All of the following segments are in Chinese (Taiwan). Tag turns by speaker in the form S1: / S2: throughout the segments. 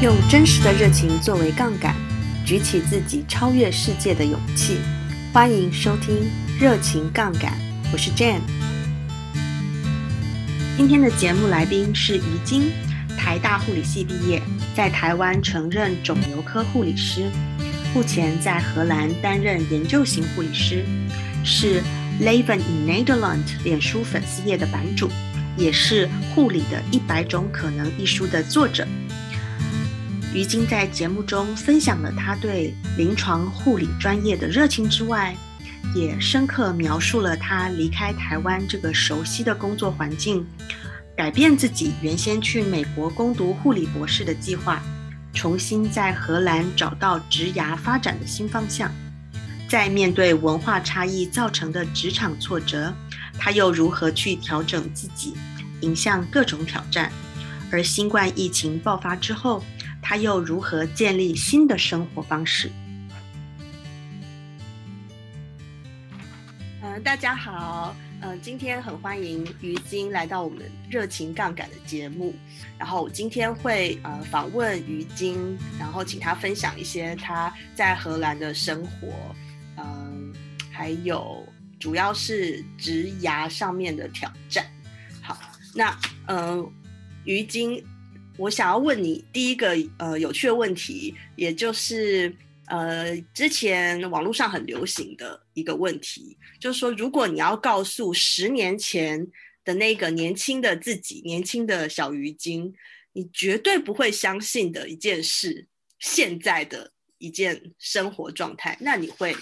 S1: 用真實的熱情作為槓桿，舉起自己超越世界的勇氣。歡迎收聽《熱情槓桿》，我是 Jane。今天的節目來賓是於晶，台大護理系畢業，在台灣曾任腫瘤科護理師，目前在荷蘭擔任研究型護理師，是 Leven in Nederland 臉書粉絲頁的版主，也是《護理的一百種可能》一書的作者。於晶在節目中分享了她對臨床護理專業的熱情之外，也深刻描述了她離開台灣這個熟悉的工作環境，改變自己原先去美國攻讀護理博士的計劃，重新在荷蘭找到職業發展的新方向。在面對文化差異造成的職場挫折，她又如何去調整自己，迎向各種挑戰？而新冠疫情爆發之後，他又如何建立新的生活方式？嗯、呃，大家好，嗯、呃，今天很歡迎於晶來到我們《熱情槓桿》的節目。然後我今天會呃訪問於晶，然後請他分享一些他在荷蘭的生活，嗯、呃，還有主要是職涯上面的挑戰。好，那嗯，於、呃、晶。我想要問你第一個呃有趣的問題，也就是呃之前網絡上很流行的一個問題，就是說如果你要告訴十年前的那個年輕的自己，年輕的小魚精，你絕對不會相信的一件事，現在的一件生活狀態，那你會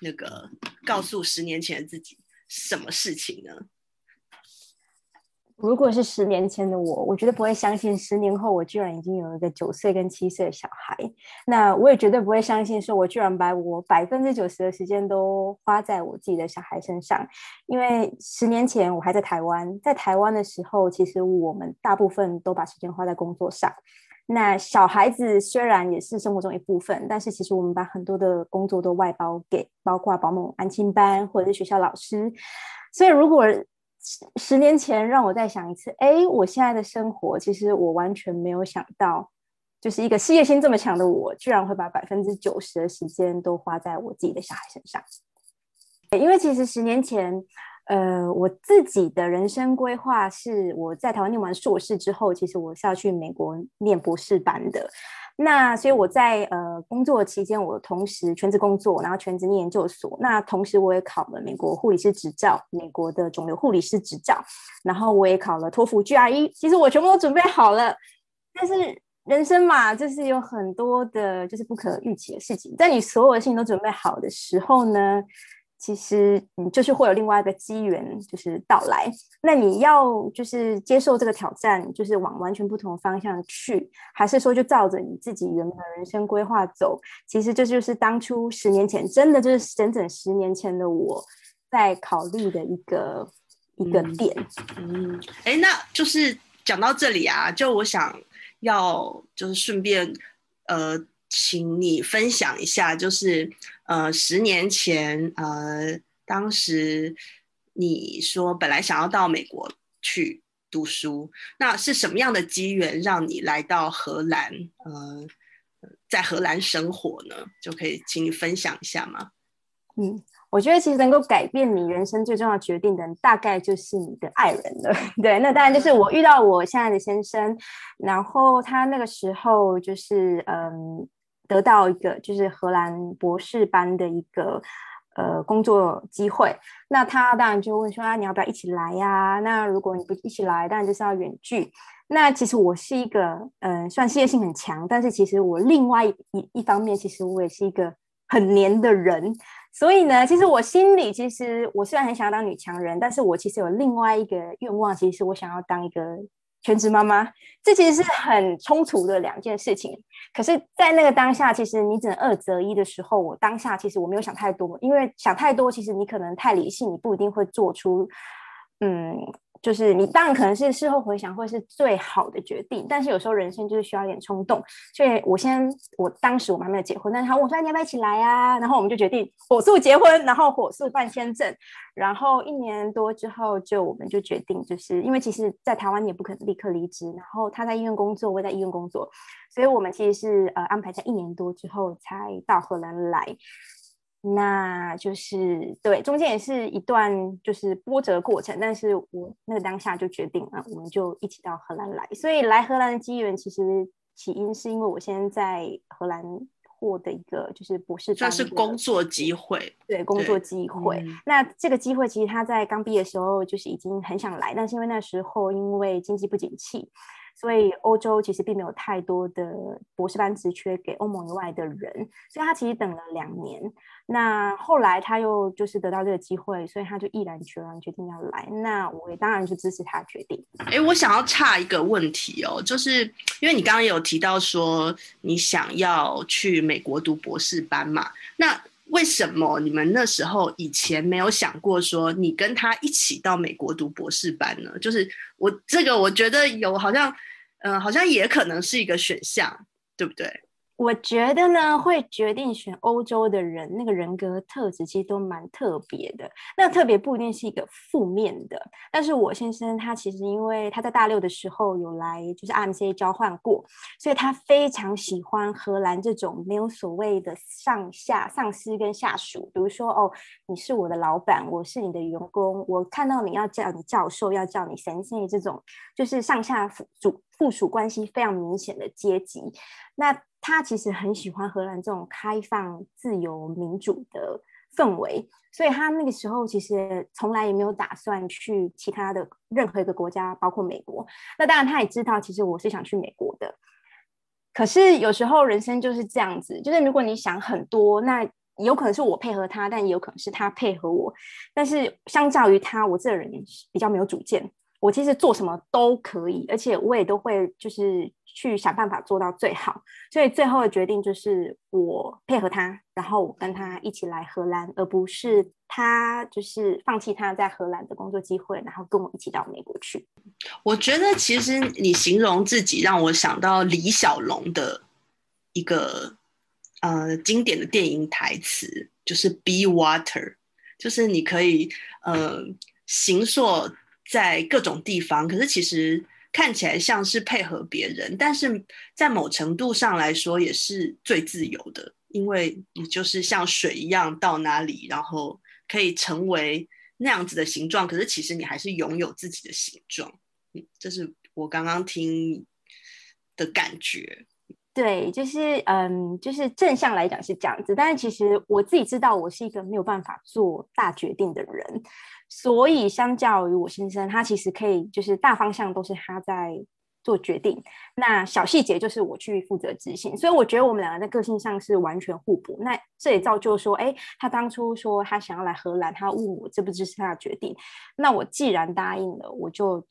S1: 那個告訴十年前的自己什麼事情呢？
S2: 如果是十年前的我，我絕對不會相信十年後我居然已經有一個九歲跟七歲的小孩。那我也絕對不會相信，說我居然把我百分之九十的時間都花在我自己的小孩身上。因為十年前我還在台灣，在台灣的時候，其實我們大部分都把時間花在工作上。那小孩子雖然也是生活中一部分，但是其實我們把很多的工作都外包給，包括保姆、安親班或者是學校老師。所以如果十年前，讓我再想一次，哎，我現在的生活，其實我完全沒有想到，就是一個事業心這麼強的我，居然會把百分之九十的時間都花在我自己的小孩身上，因為其實十年前。呃，我自己的人生規劃是我在台灣念完碩士之後，其實我是要去美國念博士班的。那所以我在呃工作期間，我同時全職工作，然後全職念研究所。那同時我也考了美國護理師執照，美國的腫瘤護理師執照，然後我也考了托福 GRE。其實我全部都準備好了，但是人生嘛，就是有很多的，就是不可預期的事情。在你所有的事情都準備好的時候呢？其實你就是會有另外一個機緣，就是到來。那你要就是接受這個挑戰，就是往完全不同的方向去，還是說就照着你自己原本的人生規劃走？其實這就是當初十年前，真的就是整整十年前的我在考慮的一個一個點。嗯，哎、嗯欸，那就是講
S1: 到這裡啊，就我想要就是順便呃。請你分享一下，就是呃，十年前呃，當時你說本來想要到美國去讀書，那是什麼樣的機緣讓你來到荷蘭？嗯、呃，在荷蘭生活呢，就可以請你分享一下嗎？嗯，
S2: 我覺得其實能夠改變你人生最重要決定的，大概就是你的愛人了。 對，那當然就是我遇到我現在的先生，然後他那個時候就是嗯。得到一個就是荷蘭博士班的一個呃工作機會，那他當然就問說啊，你要不要一起來呀？啊。那如果你不一起來，當然就是要遠距。那其實我是一個嗯，算事業性很強，但是其實我另外一一方面其實我也是一個很黏的人。所以呢，其實我心裡其實我雖然很想要當女強人，但是我其實有另外一個願望，其實我想要當一個。全職媽媽，這其實是很衝突的兩件事情。可是，在那個當下，其實你只能二擇一的時候，我當下其實我沒有想太多，因為想太多，其實你可能太理性，你不一定會做出，嗯。就是你，當然可能是事後回想會是最好的決定，但是有時候人生就是需要一點衝動。所以我先，我當時我們還沒有結婚，但是他跟我說：“你要不要一起來啊？”然後我們就決定火速結婚，然後火速辦簽證，然後一年多之後，就我們就決定，就是因為其實，在台灣你也不可能立刻離職，然後他在醫院工作，我在醫院工作，所以我們其實是呃安排在一年多之後才到荷蘭來。那就是對，中間也是一段就是波折過程，但是我那個當下就決定了，我們就一起到荷蘭來。所以來荷蘭的機緣其實起因是因為我現在在荷蘭獲得一個就是博士，算是工
S1: 作機會，對，工作機會。
S2: 對那這個機會其實他在剛畢業的時候就是已經很想來，但是因為那時候因為經濟不景氣。所以歐洲其實並沒有太多的博士班職缺給歐盟以外的人，所以他其實等了兩年。那後來他又就是得到這個機會，所以他就毅然決然決定要來。那我也當然就支持他決定。哎、
S1: 欸，我想要岔一個問題哦，就是因為你剛剛有提到說你想要去美國讀博士班嘛？那為什麼你們那時候以前沒有想過說你跟他一起到美國讀博士班呢？就是我這個我覺得有好像。嗯、呃，好像也可能是一個選項，對不對？
S2: 我覺得呢，會決定選歐洲的人，那個人格特質其實都蠻特別的。那個、特別不一定是一個負面的，但是我先生他其實因為他在大六的時候有來就是 MCA 交換過，所以他非常喜歡荷蘭這種沒有所謂的上下上司跟下屬，比如說哦，你是我的老闆，我是你的員工，我看到你要叫你教授，要叫你神仙這種，就是上下屬附屬關係非常明顯的階級，那。他其實很喜歡荷蘭這種開放、自由、民主的氛圍，所以他那個時候其實從來也沒有打算去其他的任何一個國家，包括美國。那當然，他也知道其實我是想去美國的。可是有時候人生就是這樣子，就是如果你想很多，那有可能是我配合他，但也有可能是他配合我。但是相較於他，我這人比較沒有主見，我其實做什麼都可以，而且我也都會就是。去想辦法做到最好，所以最後的決定就是我配合他，然後我跟他一起來荷蘭，而不是他就是放棄他在荷蘭的工作機會，然後跟我一起到美國去。
S1: 我覺得其實你形容自己讓我想到李小龍的一個呃經典的電影台詞，就是 “Be water”，就是你可以呃行走在各種地方，可是其實。看起來像是配合別人，但是在某程度上來說也是最自由的，因為你就是像水一樣到哪裡，然後可以成為那樣子的形狀。可是其實你還是擁有自己的形狀，這是我剛剛聽的感覺。
S2: 對，就是嗯，就是正向來講是這樣子，但是其實我自己知道，我是一個沒有辦法做大決定的人，所以相較於我先生，他其實可以就是大方向都是他在做決定，那小細節就是我去負責執行，所以我覺得我們兩個在個性上是完全互補。那這也造就說，哎，他當初說他想要來荷蘭，他問我，這不就是他的決定，那我既然答應了，我就。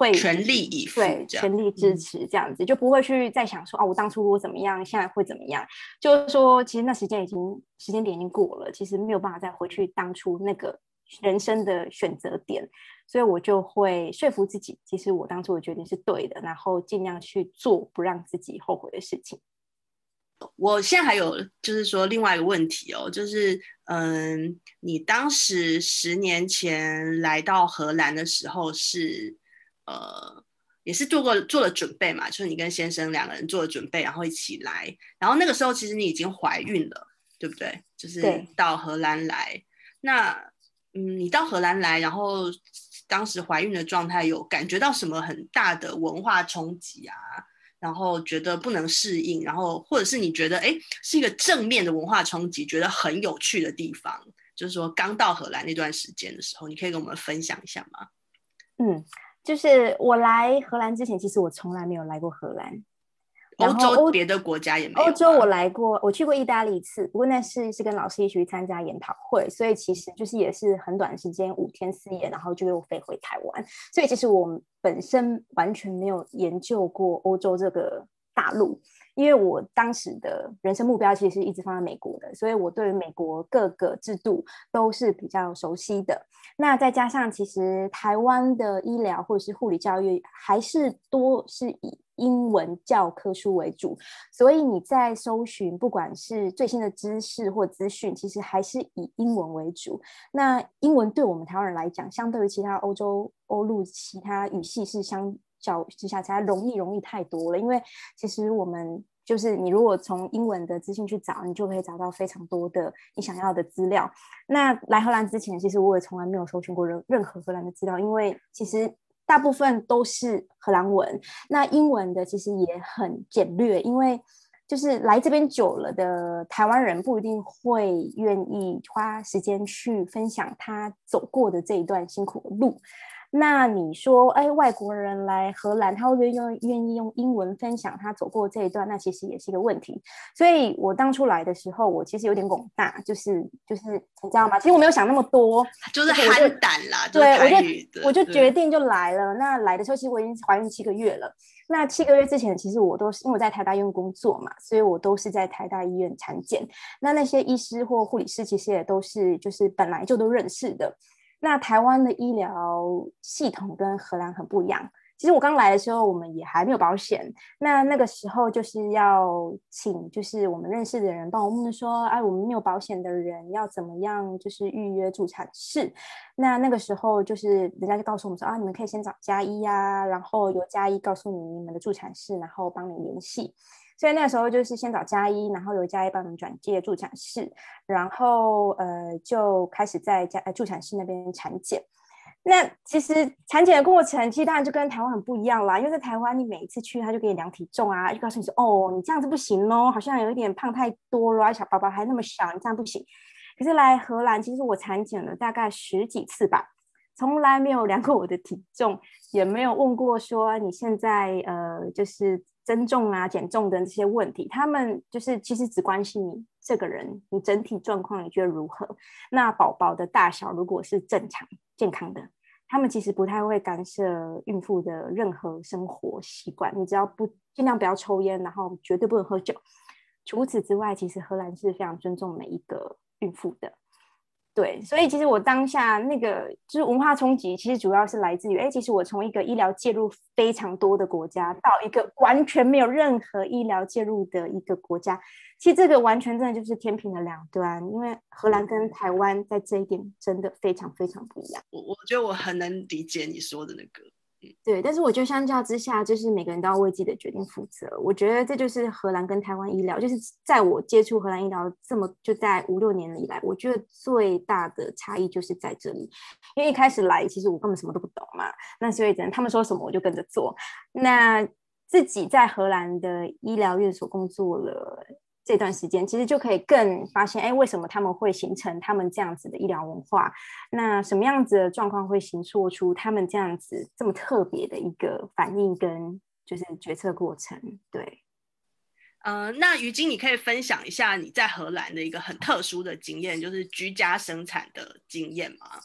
S2: 會全力以赴，對全力支持這樣子，嗯、就不會去再想說啊，我當初我怎麼樣，現在會怎麼樣？就是說，其實那時間已經時間點已經過了，其實沒有辦法再回去當初那個人生的選擇點，所以我就會說服自己，其實我當初的決定是對的，然後儘量去做不讓自己後悔的事情。
S1: 我現在還有就是說另外一個問題哦，就是嗯，你當時十年前來到荷蘭的時候是。呃，也是做過做了準備嘛，就是你跟先生兩個人做了準備，然後一起來。然後那個時候其實你已經懷孕了，對不對？就是到荷蘭來。對那嗯，你到荷蘭來，然後當時懷孕的狀態有感覺到什麼很大的文化衝擊啊？然後覺得不能適應，然後或者是你覺得哎是一個正面的文化衝擊，覺得很有趣的地方？就是說剛到荷蘭那段時間的時候，你可以跟我們分享一下嗎？嗯。
S2: 就是我來荷蘭之前，其實我從來沒有來過荷蘭，歐，歐洲
S1: 別的國家也沒有。歐
S2: 洲我來過，我去過意大利一次，不過那次是跟老師一起去參加研討會，所以其實就是也是很短時間，五天四夜，然後就又飛回台灣。所以其實我本身完全沒有研究過歐洲這個大陸。因為我當時的人生目標其實是一直放在美國的，所以我對於美國各個制度都是比較熟悉的。那再加上，其實台灣的醫療或者是護理教育還是多是以英文教科書為主，所以你在搜尋不管是最新的知識或資訊，其實還是以英文為主。那英文對我們台灣人來講，相對於其他歐洲歐陸其他語系是相較之下，才容易容易太多了。因為其實我們就是你如果從英文的資訊去找，你就可以找到非常多的你想要的資料。那來荷蘭之前，其實我也從來沒有搜尋過任任何荷蘭的資料，因為其實大部分都是荷蘭文。那英文的其實也很簡略，因為就是來這邊久了的台灣人，不一定會願意花時間去分享他走過的這一段辛苦的路。那你說，哎、欸，外國人來荷蘭，他會不會願意願意用英文分享他走過這一段，那其實也是一個問題。所以我當初來的時候，我其實有點懵大，就是就是你知道嗎？其實我沒有想那麼多，就是憨膽啦，就是、對,就對我就我就決定就來了。對那來的時候，其實我已經懷孕七個月了。那七個月之前，其實我都是因為我在台大醫院工作嘛，所以我都是在台大醫院產檢。那那些醫師或護理師，其實也都是就是本來就都認識的。那台灣的醫療系統跟荷蘭很不一樣。其實我剛來的時候，我們也還沒有保險。那那個時候就是要請，就是我們認識的人幫我，我們說，哎、啊，我們沒有保險的人要怎麼樣，就是預約助產士。那那個時候就是人家就告訴我們說，啊，你們可以先找家醫呀，然後由家醫告訴你你們的助產士，然後幫你聯繫。所以那個時候就是先找家醫，1, 然後由家醫幫你轉介助產士，然後呃就開始在家助產士那邊產檢。那其實產檢的過程，其實當然就跟台灣很不一樣啦，因為在台灣你每一次去，他就給你量體重啊，就告訴你說哦，你這樣子不行哦，好像有一點胖太多了，小寶寶還那麼小，你這樣不行。可是來荷蘭，其實我產檢了大概十幾次吧，從來沒有量過我的體重，也沒有問過說你現在呃就是。增重啊、減重的這些問題，他們就是其實只關心你這個人，你整體狀況，你覺得如何？那寶寶的大小如果是正常健康的，他們其實不太會干涉孕婦的任何生活習慣。你只要不，盡量不要抽菸，然後絕對不能喝酒。除此之外，其實荷蘭是非常尊重每一個孕婦的。對，所以其實我當下那個就是文化衝擊，其實主要是來自於，哎，其實我從一個醫療介入非常多的國家到一個完全沒有任何醫療介入的一個國家，其實這個完全真的就是天平的兩端，因為荷蘭跟台灣在這一點真的非常非常不一樣。
S1: 我我覺得我很能理解你說的那個。
S2: 對，但是我覺得相較之下，就是每個人都要為自己的決定負責。我覺得這就是荷蘭跟台灣醫療，就是在我接觸荷蘭醫療這麼就在五六年以來，我覺得最大的差異就是在這裡。因為一開始來，其實我根本什麼都不懂嘛，那所以只能他們說什麼我就跟着做。那自己在荷蘭的醫療院所工作了。這段時間其實就可以更發現，哎，為什麼他們會形成他們這樣子的醫療文化？那什麼樣子的狀況會形塑出他們這樣子這麼特別的一個反應跟就是決策過程？對。
S1: 呃，那 Yuching，你可以分享一下你在荷蘭的一個很特殊的經驗，就是居家生產的經驗嗎？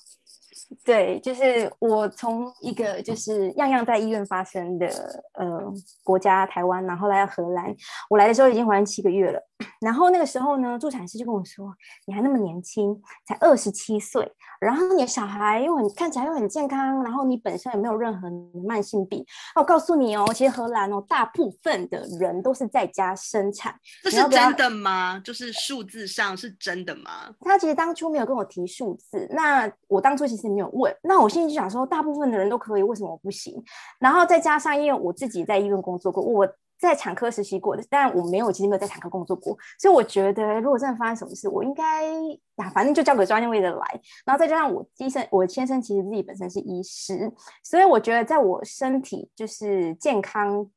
S2: 對，就是我從一個就是樣樣在醫院發生的，呃，國家台灣，然後來到荷蘭，我來的時候已經懷孕七個月了。然後那個時候呢，助產師就跟我說：“你還那麼年輕，才二十七歲，然後你的小孩又很看起來又很健康，然後你本身也沒有任何慢性病。”我告訴你哦，其實荷蘭哦，大部分的人都是在家生產。這是真的
S1: 嗎？就是數字上是真的嗎？
S2: 他其實當初沒有跟我提數字，那我當初其實沒有問。那我現在就想說，大部分的人都可以，為什麼我不行？然後再加上因為我自己在醫院工作過，我。在產科實習過的，但我沒有，其實沒有在產科工作過，所以我覺得如果真的發生什麼事，我應該呀、啊，反正就交給專業位的來。然後再加上我醫生，我先生其實自己本身是醫師，所以我覺得在我身體就是健康。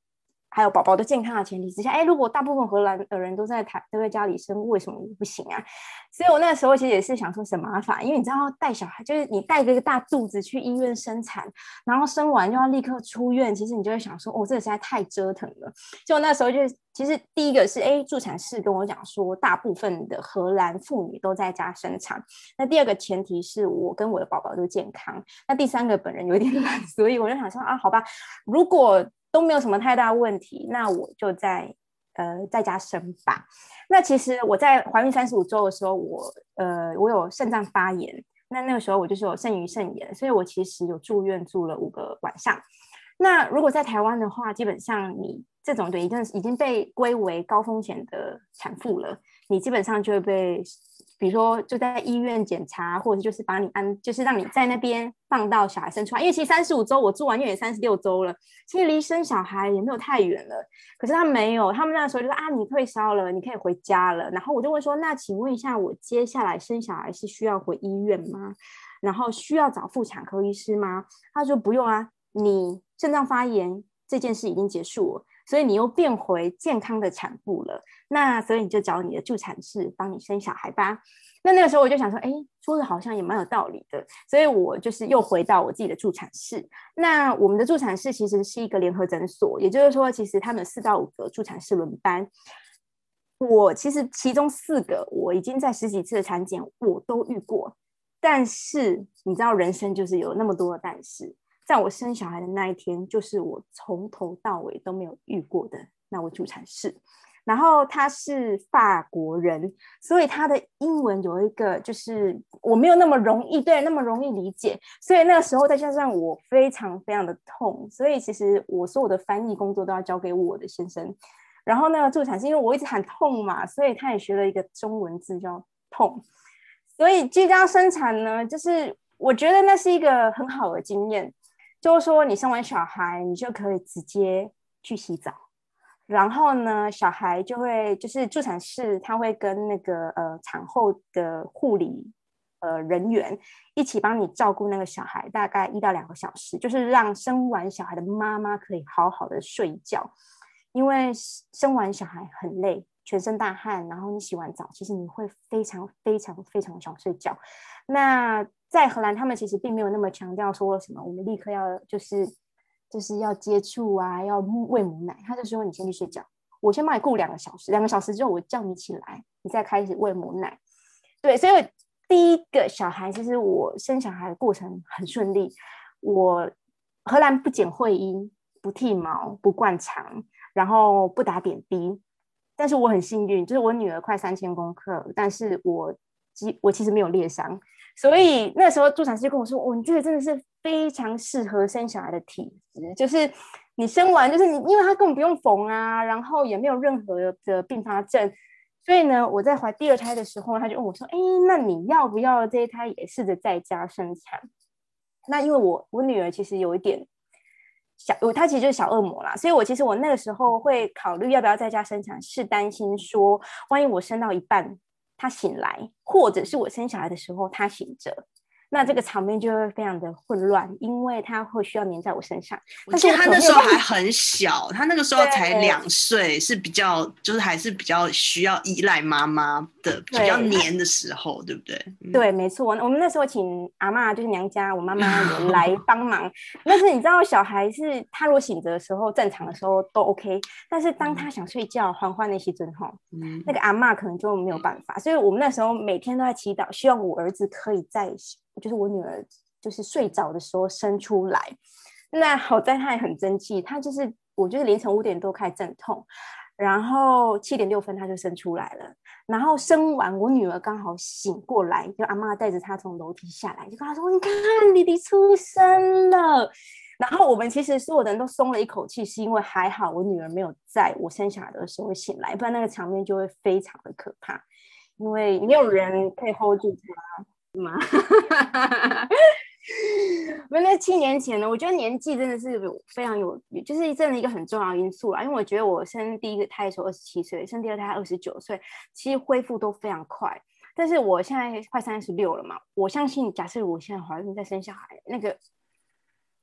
S2: 還有寶寶的健康的前提之下，欸、如果大部分荷蘭的人都在台都在家裡生，為什麼不行啊？所以我那時候其實也是想說很麻煩，因為你知道帶小孩，就是你帶着一個大肚子去醫院生產，然後生完就要立刻出院，其實你就會想說，哦，這個實在太折騰了。就那時候就，就是其實第一個是，哎、欸，助產士跟我講說，大部分的荷蘭婦女都在家生產。那第二個前提是我跟我的寶寶都健康。那第三個本人有點懶，所以我就想說啊，好吧，如果。都沒有什麼太大問題，那我就呃在呃在家生吧。那其實我在懷孕三十五周的時候，我呃我有腎臟發炎，那那個時候我就是有腎盂腎炎，所以我其實有住院住了五個晚上。那如果在台灣的話，基本上你這種對已經已經被歸為高風險的產婦了。你基本上就會被，比如說就在醫院檢查，或者就是把你安，就是讓你在那邊放到小孩生出來。因為其實三十五周我住完院也三十六周了，其實離生小孩也沒有太遠了。可是他沒有，他們那時候就說啊，你退燒了，你可以回家了。然後我就問說，那請問一下，我接下來生小孩是需要回醫院嗎？然後需要找婦產科醫師嗎？他說不用啊，你腎臟發炎這件事已經結束了。所以你又變回健康的產婦了，那所以你就找你的助產士幫你生小孩吧。那那個時候我就想說，哎、欸，說得好像也蠻有道理的，所以我就是又回到我自己的助產室。那我們的助產室其實是一個聯合診所，也就是說，其實他們四到五個助產士輪班。我其實其中四個我已經在十幾次的產檢我都遇過，但是你知道，人生就是有那麼多的，但是。在我生小孩的那一天，就是我從頭到尾都沒有遇過的那位助產士，然後他是法國人，所以他的英文有一個就是我沒有那麼容易，對，那麼容易理解，所以那個時候再加上我非常非常的痛，所以其實我所有的翻譯工作都要交給我的先生。然後那個助產士因為我一直喊痛嘛，所以他也學了一個中文字叫痛。所以居家生產呢，就是我覺得那是一個很好的經驗。就是說，你生完小孩，你就可以直接去洗澡，然後呢，小孩就會就是助產士，他會跟那個呃產後的護理呃人員一起幫你照顧那個小孩，大概一到兩個小時，就是讓生完小孩的媽媽可以好好的睡一覺，因為生完小孩很累，全身大汗，然後你洗完澡，其實你會非常非常非常想睡覺，那。在荷蘭，他們其實並沒有那麼強調說什麼，我們立刻要就是就是要接觸啊，要餵母奶。他就說：“你先去睡覺，我先幫你顧兩個小時。兩個小時之後，我叫你起來，你再開始餵母奶。”對，所以第一個小孩其實、就是、我生小孩的過程很順利。我荷蘭不剪會陰，不剃毛，不灌腸，然後不打點滴。但是我很幸運，就是我女兒快三千公克，但是我其我其實沒有裂傷。所以那時候助產師就跟我說：“哦，你這個真的是非常適合生小孩的體質，就是你生完就是你，因為他根本不用縫啊，然後也沒有任何的并發症。所以呢，我在懷第二胎的時候，他就問我說：‘欸，那你要不要這一胎也試着在家生產？’那因為我我女兒其實有一點小，我她其實就是小惡魔啦，所以我其實我那個時候會考慮要不要在家生產，是擔心說萬一我生到一半。”他醒來，或者是我生小孩的時候，他醒着。那這個場面就會非常的混亂，因為他會需要黏在我身上。但是他那時候還
S1: 很小，他那個時候才兩歲，對是比較就是還是比較需要依賴媽媽的，對比較黏的時候，對不對？
S2: 對，嗯、對，沒錯。我們那時候請阿嬤，就是娘家我媽媽來幫忙。 但是你知道，小孩是他如果醒着的時候、正常的時候都 OK，但是當他想睡覺、換換、嗯、那些的時候，嗯、那個阿嬤可能就沒有辦法。所以我們那時候每天都在祈禱，希望我兒子可以在。就是我女兒，就是睡着的時候生出來。那好在她也很爭氣，她就是我就是凌晨五點多開始陣痛，然後七點六分她就生出來了。然後生完，我女兒剛好醒過來，就阿嬤帶着她從樓梯下來，就跟她說：“你看弟弟出生了。”然後我們其實所有的人都鬆了一口氣，是因為還好我女兒沒有在我生小孩的時候會醒來，不然那個場面就會非常的可怕，因為沒有人可以 hold 住她。嘛，哈哈哈哈哈！沒，那七年前呢，我覺得年紀真的是有非常有，就是真的一個很重要因素啦。因為我覺得我生第一個胎的時候二十七歲，生第二胎二十九歲，其實恢復都非常快。但是我現在快三十六了嘛，我相信，假設我現在懷孕再生小孩，那個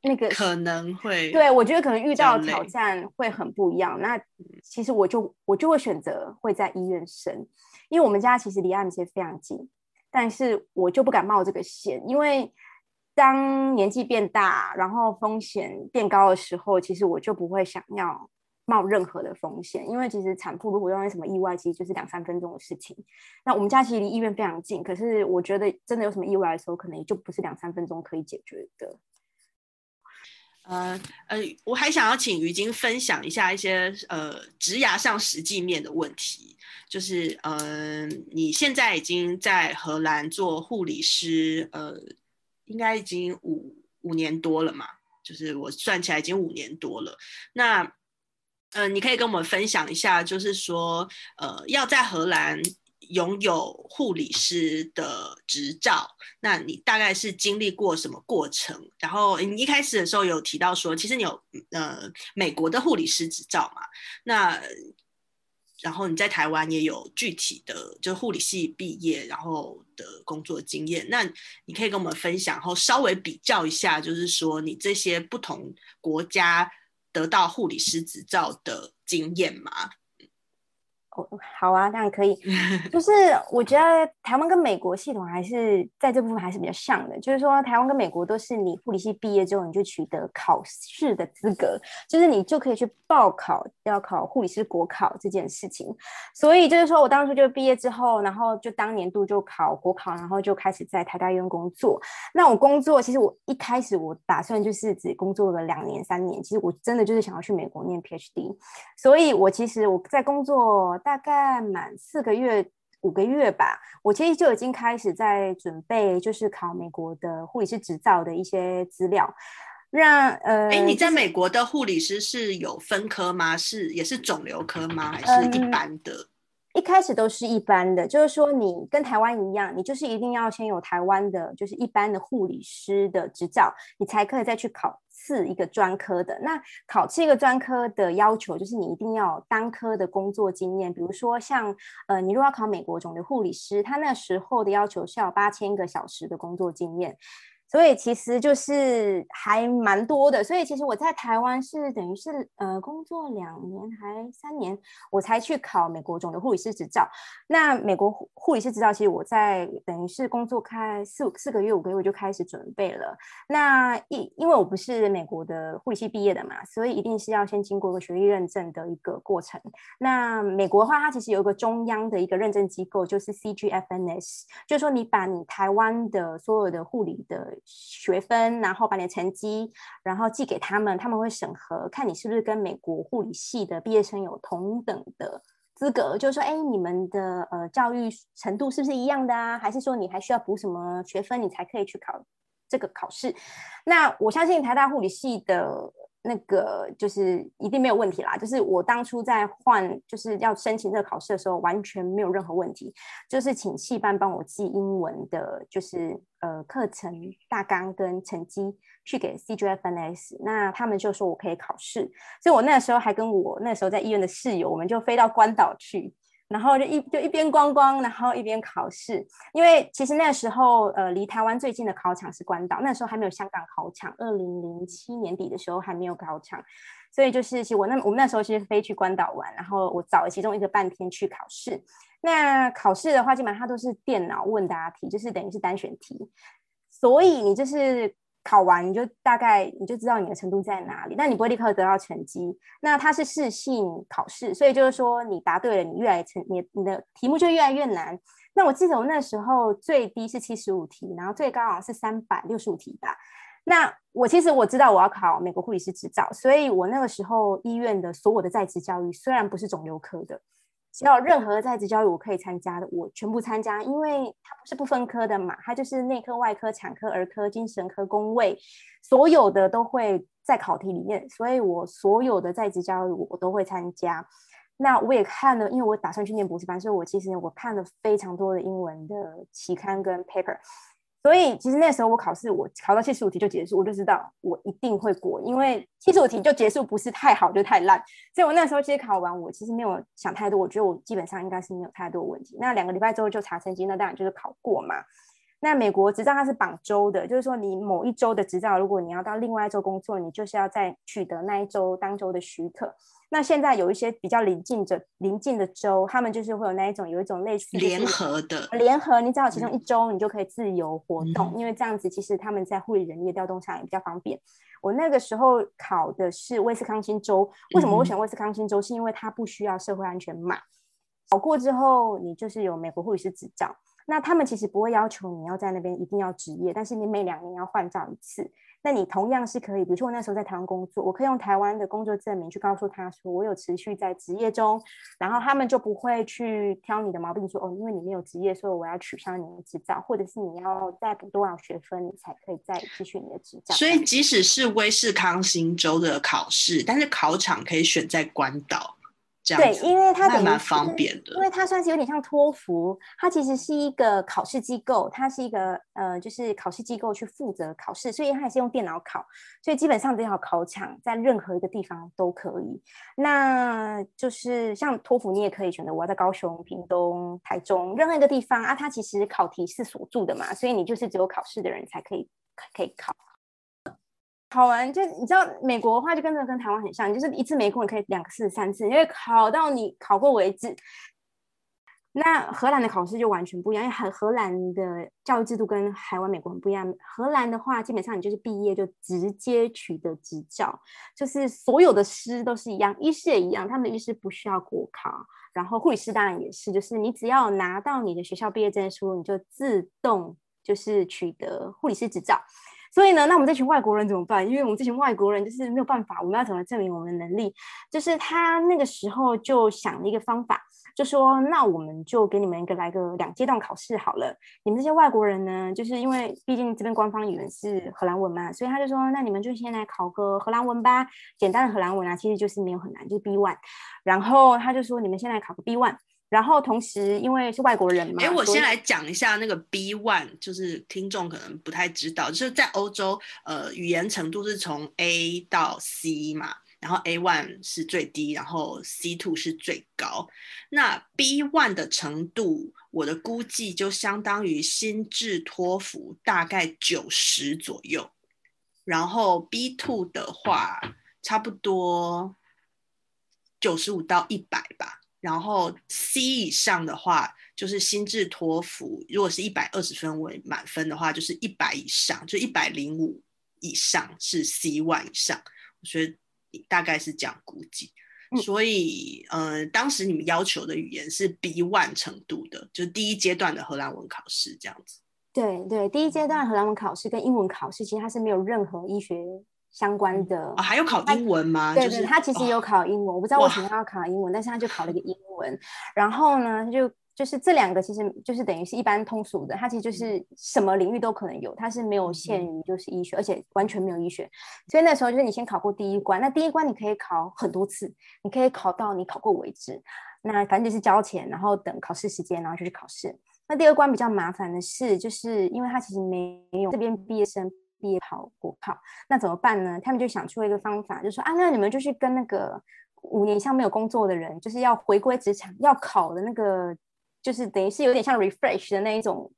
S2: 那個可
S1: 能會，對，我覺得可能
S2: 遇到挑戰會很不一樣。那其實我就我就會選擇會在醫院生，因為我們家其實離岸美非常近。但是我就不敢冒這個險，因為當年紀變大，然後風險變高的時候，其實我就不會想要冒任何的風險。因為其實產婦如果有什麼意外，其實就是兩三分鐘的事情。那我們家其實離醫院非常近，可是我覺得真的有什麼意外的時候，可能也就不是兩三分鐘可以解決的。呃、uh, 呃，
S1: 我還想要請 Yuching 分享一下一些呃職涯上實際面的問題，就是呃你現在已經在荷蘭做護理師，呃應該已經五五年多了嘛，就是我算起來已經五年多了。那嗯、呃，你可以跟我們分享一下，就是說呃要在荷蘭，擁有護理師的執照，那你大概是經歷過什麼過程？然後你一開始的時候有提到說，其實你有呃美國的護理師執照嘛？那然後你在台灣也有具體的，就護理系畢業然後的工作經驗，那你可以跟我們分享，然後稍微比較一下，就是說你這些不同國家得到護理師執照的經驗嘛？
S2: 好啊，當然可以。就是我覺得台灣跟美國系統還是在這部分還是比較像的。就是說，台灣跟美國都是你護理系畢業之後，你就取得考試的資格，就是你就可以去報考要考護理師國考這件事情。所以就是說我當初就畢業之後，然後就當年度就考國考，然後就開始在台大醫院工作。那我工作其實我一開始我打算就是只工作了兩年三年，其實我真的就是想要去美國念 PhD。所以我其實我在工作。大概滿四個月、五個月吧，我其實就已經開始在準備，就是考美國的護理師執照的一些資料。那呃、欸，你在美國
S1: 的護理師是有分科嗎？是也是腫瘤科嗎？還是一般的？嗯
S2: 一開始都是一般的，就是說你跟台灣一樣，你就是一定要先有台灣的，就是一般的護理師的執照，你才可以再去考次一個專科的。那考次一個專科的要求，就是你一定要單科的工作經驗，比如說像呃，你如果要考美國腫瘤護理師，他那時候的要求是要八千個小時的工作經驗。所以其實就是還蠻多的，所以其實我在台灣是等於是呃工作兩年還三年，我才去考美國總的護理師執照。那美國護護理師執照，其實我在等於是工作開四五四個月五個月我就開始準備了。那因因為我不是美國的護理系畢業的嘛，所以一定是要先經過一個學歷認證的一個過程。那美國的話，它其實有一個中央的一個認證機構，就是 CGFNS，就是說你把你台灣的所有的護理的。學分，然後把你的成績，然後寄給他們，他們會審核，看你是不是跟美國護理系的畢業生有同等的資格。就是說，哎，你們的呃教育程度是不是一樣的啊？還是說你還需要補什麼學分，你才可以去考這個考試？那我相信台大護理系的，那個就是一定沒有問題啦，就是我當初在換，就是要申請這個考試的時候，完全沒有任何問題，就是請系辦幫我寄英文的，就是呃課程大綱跟成績去給 CGFNS，那他們就說我可以考試，所以我那時候還跟我那時候在醫院的室友，我們就飛到關島去。然後就一就一邊觀光，然後一邊考試。因為其實那個時候，呃，離台灣最近的考場是關島，那時候還沒有香港考場。二零零七年底的時候還沒有考場，所以就是其我那我們那時候其實飛去關島玩，然後我找了其中一個半天去考試。那考試的話，基本上它都是電腦問答題，就是等於是單選題，所以你就是。考完你就大概你就知道你的程度在哪裡，那你不會立刻得到成績。那它是適性考試，所以就是說你答對了，你越來成你你的題目就越來越難。那我記得我那時候最低是七十五題，然後最高好像是三百六十五題吧。那我其實我知道我要考美國護理師執照，所以我那個時候醫院的所有的在職教育雖然不是腫瘤科的。只要任何在職教育我可以參加的，我全部參加，因為它不是不分科的嘛，它就是內科、外科、產科、兒科、精神科、公衛，所有的都會在考題裡面，所以我所有的在職教育我都會參加。那我也看了，因為我打算去念博士班，所以我其實我看了非常多的英文的期刊跟 paper。所以其實那時候我考試，我考到七十五題就結束，我就知道我一定會過，因為七十五題就結束，不是太好就太爛。所以我那時候其實考完，我其實沒有想太多，我覺得我基本上應該是沒有太多問題。那兩個禮拜之後就查成績，那當然就是考過嘛。那美國執照它是綁州的，就是說你某一州的執照，如果你要到另外一州工作，你就是要再取得那一州當州的許可。那現在有一些比較臨近的臨近的州，他們就是會有那一種有一種類似聯合的聯合，你只要其中一州你就可以自由活動，嗯、因為這樣子其實他們在護理人員的調動上也比較方便。我那個時候考的是威斯康星州，為什麼我選威斯康星州？嗯、是因為它不需要社會安全碼，考過之後你就是有美國護理師執照。那他們其實不會要求你要在那邊一定要執業，但是你每兩年要換照一次。那你同樣是可以，比如說我那時候在台灣工作，我可以用台灣的工作證明去告訴他說我有持續在執業中，然後他們就不會去挑你的毛病說，說哦，因為你沒有執業，所以我要取消你的執照，或者是你要再補多少學分你才可以再繼續你的執照。所
S1: 以即使是威斯康辛州的考試，但是考場可以選在關島。對，因為它蠻方便的。因
S2: 為它算是有點像托福，它其實是一個考試機構，它是一個呃，就是考試機構去負責考試，所以它還是用電腦考，所以基本上只要考場在任何一個地方都可以，那就是像托福，你也可以選擇我要在高雄、屏東、台中任何一個地方啊，它其實考題是鎖住的嘛，所以你就是只有考試的人才可以可以考。考完就你知道，美國的話就跟着跟台灣很像，就是一次沒過你可以兩次、三次，因為考到你考過為止。那荷蘭的考試就完全不一樣，因為荷荷蘭的教育制度跟台灣、美國很不一樣。荷蘭的話，基本上你就是畢業就直接取得執照，就是所有的師都是一樣，醫師也一樣，他們的醫師不需要國考，然後護理師當然也是，就是你只要拿到你的學校畢業證書，你就自動就是取得護理師執照。所以呢，那我們這群外國人怎麼辦？因為我們這群外國人就是沒有辦法，我們要怎麼證明我們的能力？就是他那個時候就想了一個方法，就說：“那我們就給你們一個來個兩階段考試好了。你們這些外國人呢，就是因為畢竟這邊官方語言是荷蘭文嘛，所以他就說：那你們就先來考個荷蘭文吧，簡單的荷蘭文啊，其實就是沒有很難，就是 B1。然後他就說：你們先來考個 B1。”然後同時，因為是外國人嘛，哎，我先來
S1: 講一下那個 B one，就是聽眾可能不太知道，就是在歐洲，呃，語言程度是從 A 到 C 嘛，然後 A one 是最低，然後 C two 是最高。那 B one 的程度，我的估計就相當於新制托福大概九十左右，然後 B two 的話，差不多九十五到一百吧。然後 C 以上的話，就是新智托福，如果是一百二十分為滿分的話，就是一百以上，就一百零五以上是 C 萬以上，所以大概是這樣估計。嗯、所以，呃，當時你們要求的語言是 B 萬程度的，就是第一階段的荷蘭文考試這樣子。
S2: 對對，第一階段的荷蘭文考試跟英文考試，其實它是沒有任何醫學相關的、哦、
S1: 還有考英文嗎？對，對對，他
S2: 其實有考英文，哦、我不知道為什麼要考英文，哇但是他就考了一個英文。然後呢，就就是這兩個，其實就是等於是一般通俗的，它其實就是什麼領域都可能有，它是沒有限於就是醫學，嗯嗯，而且完全沒有醫學。所以那時候就是你先考過第一關，那第一關你可以考很多次，你可以考到你考過為止。那反正就是交錢，然後等考試時間，然後就去考試。那第二關比較麻煩的是，就是因為它其實沒有這邊畢業生。畢業跑不跑，那怎麼辦呢？他們就想出了一個方法，就說啊，那你們就去跟那個五年以上沒有工作的人，就是要回歸職場，要考的那個，就是等於是有點像 refresh 的那一種。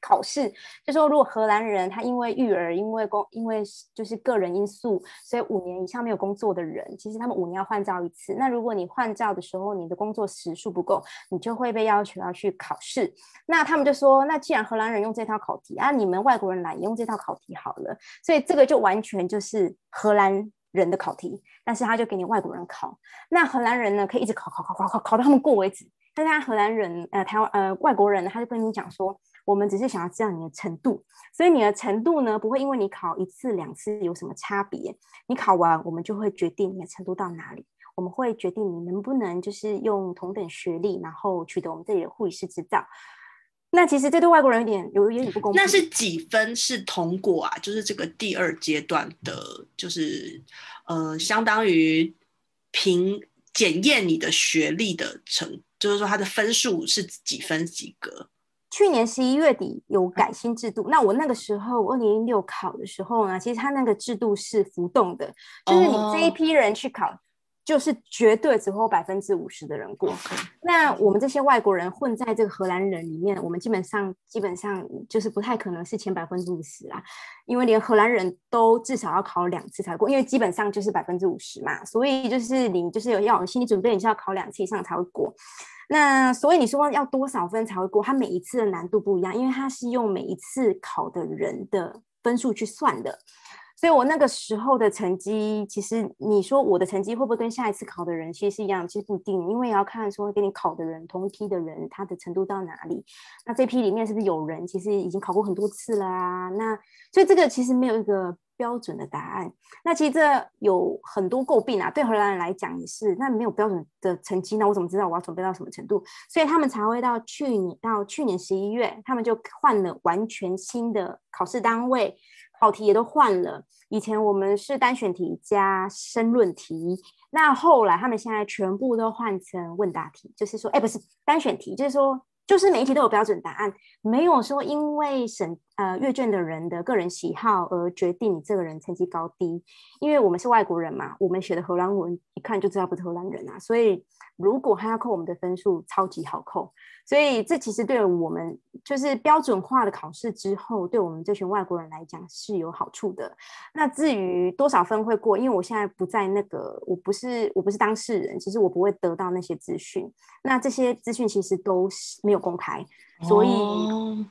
S2: 考試就是說，如果荷蘭人他因為育兒、因為工、因為就是個人因素，所以五年以上沒有工作的人，其實他們五年要換照一次。那如果你換照的時候，你的工作時數不夠，你就會被要求要去考試。那他們就說，那既然荷蘭人用這套考題啊，你們外國人來也用這套考題好了。所以這個就完全就是荷蘭人的考題，但是他就給你外國人考。那荷蘭人呢，可以一直考，考考考考考，考到他們過為止。但是他荷蘭人呃，台灣呃，外國人呢，他就跟你講說。我們只是想要知道你的程度，所以你的程度呢，不會因為你考一次兩次有什麼差別，你考完，我們就會決定你的程度到哪裡。我們會決定你能不能就是用同等學歷，然後取得我們這裡的護理師執照。那其實這對外國人有點有有點不公平。那是幾
S1: 分是通過啊？就是這個第二階段的，就是呃，相當於憑檢驗你的學歷的成，就是說它的分數是幾分及格。
S2: 去年十一月底有改新制度，哎、那我那個時候二零一六考的時候呢，其實他那個制度是浮動的，就是你這一批人去考，哦、就是絕對只會有百分之五十的人過。哦 okay. 那我們這些外國人混在這個荷蘭人裡面，我們基本上基本上就是不太可能是前百分之五十啦，因為連荷蘭人都至少要考兩次才過，因為基本上就是百分之五十嘛，所以就是你就是要有要心理準備，你是要考兩次以上才會過。那所以你說要多少分才會過？他每一次的難度不一樣，因為他是用每一次考的人的分數去算的。所以，我那個時候的成績，其實你說我的成績會不會跟下一次考的人其實是一樣？其實不一定，因為也要看說跟你考的人同一批的人他的程度到哪裡。那這批裡面是不是有人其實已經考過很多次啦啊？那所以這個其實沒有一個標準的答案。那其實這有很多詬病啊，對荷蘭人來講也是。那沒有標準的成績呢，那我怎麼知道我要準備到什麼程度？所以他們才會到去年，到去年十一月，他們就換了完全新的考試單位。考題也都換了，以前我們是單選題加申論題，那後來他們現在全部都換成問答題，就是說，哎、欸，不是單選題，就是說，就是每一題都有標準答案，沒有說因為審呃閱卷的人的個人喜好而決定你這個人成績高低，因為我們是外國人嘛，我們學的荷蘭文一看就知道不是荷蘭人啊，所以如果他要扣我們的分數，超級好扣。所以這其實對我們就是標準化的考試之後，對我們這群外國人來講是有好處的。那至於多少分會過，因為我現在不在那個，我不是我不是當事人，其實我不會得到那些資訊。那這些資訊其實都是沒有公開。所以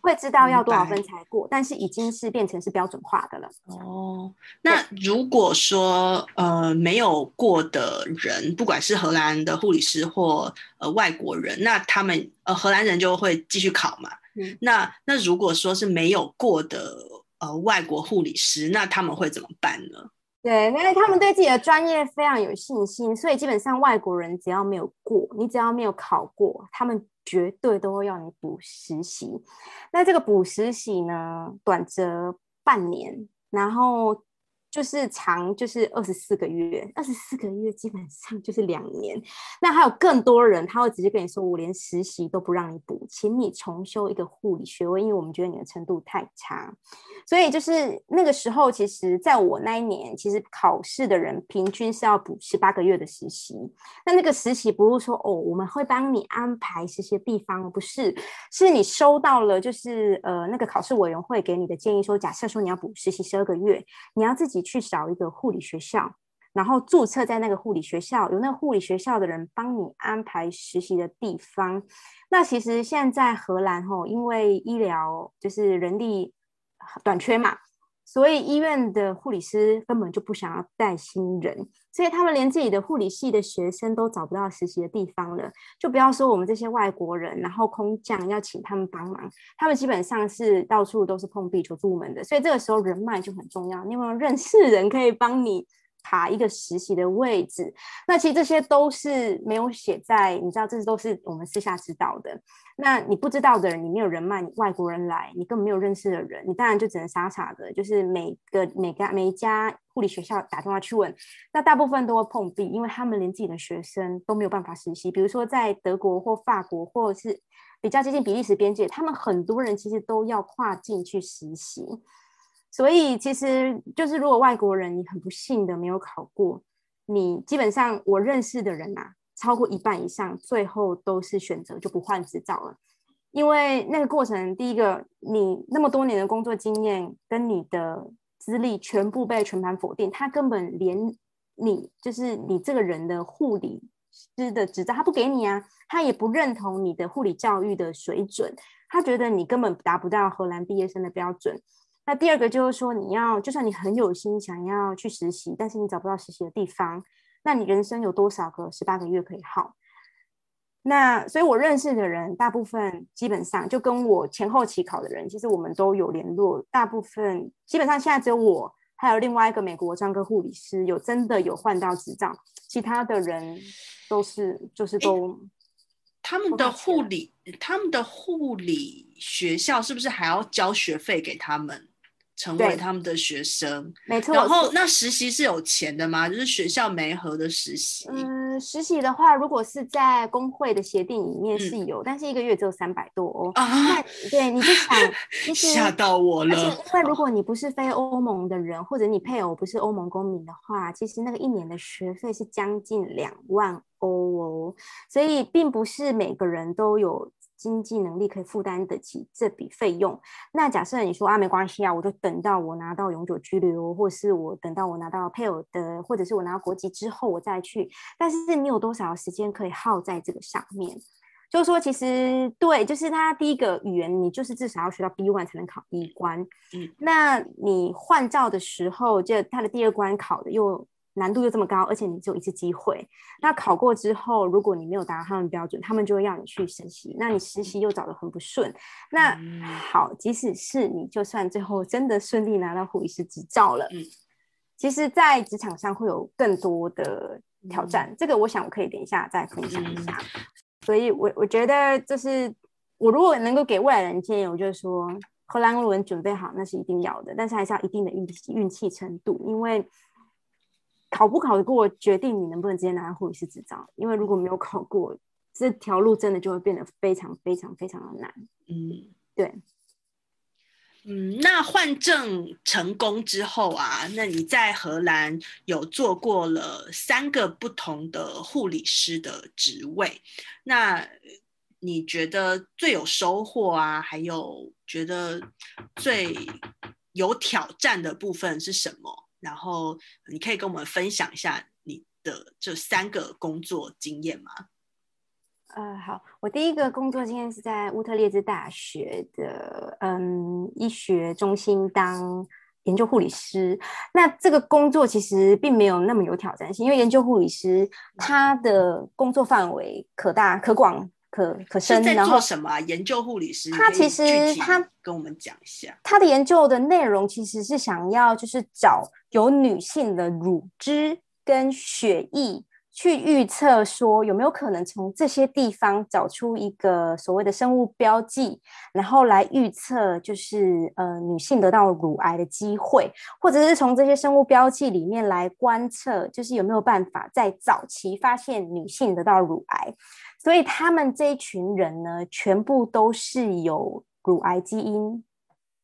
S2: 會知道要多少分才過，白但是已經是變成是標準化的了。哦，oh, 那如果說對呃沒
S1: 有過的人，不管是荷蘭的護理師或呃外國人，那他們呃荷蘭人就會繼續考嘛。嗯、那那如果說是沒有過的呃外國護理師，那他們會怎麼辦呢？
S2: 對，因為他們對自己的專業非常有信心，所以基本上外國人只要沒有過，你只要沒有考過，他們絕對都會要你補實習。那這個補實習呢，短則半年，然後。就是長，就是二十四個月，二十四個月基本上就是兩年。那還有更多人，他會直接跟你說，我連實習都不讓你補，請你重修一個護理學位，因為我們覺得你的程度太差。所以就是那個時候，其實在我那一年，其實考試的人平均是要補十八個月的實習。那那個實習不是說哦，我們會幫你安排實習的地方，不是，是你收到了，就是呃那個考試委員會給你的建議說，說假設說你要補實習十二個月，你要自己。去找一個護理學校，然後註冊在那個護理學校，有那個護理學校的人幫你安排實習的地方。那其實現在荷蘭吼，因為醫療就是人力短缺嘛。所以醫院的護理師根本就不想要帶新人，所以他們連自己的護理系的學生都找不到實習的地方了，就不要說我們這些外國人，然後空降要請他們幫忙，他們基本上是到處都是碰壁，求助無門的。所以這個時候人脈就很重要，你有沒有認識人可以幫你？卡一個實習的位置，那其實這些都是沒有寫在，你知道，這些都是我們私下知道的。那你不知道的人，你沒有人脈，你外國人來，你根本沒有認識的人，你當然就只能傻傻的，就是每個每個每一家護理學校打電話去問，那大部分都會碰壁，因為他們連自己的學生都沒有辦法實習。比如說在德國或法國，或者是比較接近比利時邊界，他們很多人其實都要跨境去實習。所以其實就是，如果外國人你很不幸的沒有考過，你基本上我認識的人啊，超過一半以上最後都是選擇就不換執照了，因為那個過程，第一個你那麼多年的工作經驗跟你的資歷全部被全盤否定，他根本連你就是你這個人的護理師的執照他不給你啊，他也不認同你的護理教育的水準，他覺得你根本達不到荷蘭畢業生的標準。那第二個就是說，你要，就算你很有心想要去實習，但是你找不到實習的地方，那你人生有多少個十八個月可以耗？那所以我認識的人，大部分基本上就跟我前後期考的人，其實我們都有聯絡，大部分基本上現在只有我，還有另外一個美國專科護理師，有真的有換到執照，其他的人都是就是都、欸、都他們的護
S1: 理他們的護理學校是不是還要交學費給他們？成為他們的學生，沒錯。然後那實習是有錢的嗎？就是學校
S2: 媒合的實習。嗯，實習的話，如果是在工會的協定裡面是有，嗯、但是一個月只有三百多歐。啊，對，你就想、啊、實嚇
S1: 到我了。
S2: 因為是、啊、如果你不是非歐盟的人，或者你配偶不是歐盟公民的話，其實那個一年的學費是將近兩萬歐哦，所以並不是每個人都有。經濟能力可以負擔得起這筆費用，那假設你說啊沒關係啊，我就等到我拿到永久居留，或者是我等到我拿到配偶的，或者是我拿到國籍之後，我再去。但是你有多少時間可以耗在這個上面？就是說，其實對，就是他第一個語言，你就是至少要學到 B1 才能考第一關。嗯，那你換照的時候，就他的第二關考的又。難度又這麼高，而且你只有一次機會。那考過之後，如果你沒有達到他們標準，他們就會要你去實習。那你實習又找得很不順，那好，即使是你，就算最後真的順利拿到護理師執照了，嗯、其實，在職場上會有更多的挑戰。嗯、這個，我想我可以等一下再分享一下。嗯、所以我，我我覺得就是我如果能夠給未來人建議，我就說荷蘭文準備好那是一定要的，但是還是要一定的運氣運氣程度，因為。考不考得過，決定你能不能直接拿到護理師執照。因為如果沒有考過，這條路真的就會變得非常非常非常的難。嗯，對。嗯，那換
S1: 證成功之後啊，那你在荷蘭有做過了三個不同的護理師的職位，那你覺得最有收穫啊，還有覺得最有挑戰的部分是什麼？然後，你可以跟我們分享一下你的這三個工作經驗嗎？
S2: 呃，好，我第一個工作經驗是在烏特列茲大學的嗯醫學中心當研究護理師。那這個工作其實並沒有那麼有挑戰性，因為研究護理師他的工作範圍可大可廣。可可生？是在做什
S1: 麼啊？後研究護理師？他其實他跟我們講一下，
S2: 他的研究的內容其實是想要就是找有女性的乳汁跟血液，去預測說有沒有可能從這些地方找出一個所謂的生物標記，然後來預測，就是呃女性得到乳癌的機會，或者是從這些生物標記裡面來觀測，就是有沒有辦法在早期發現女性得到乳癌。所以他們這一群人呢，全部都是有乳癌基因。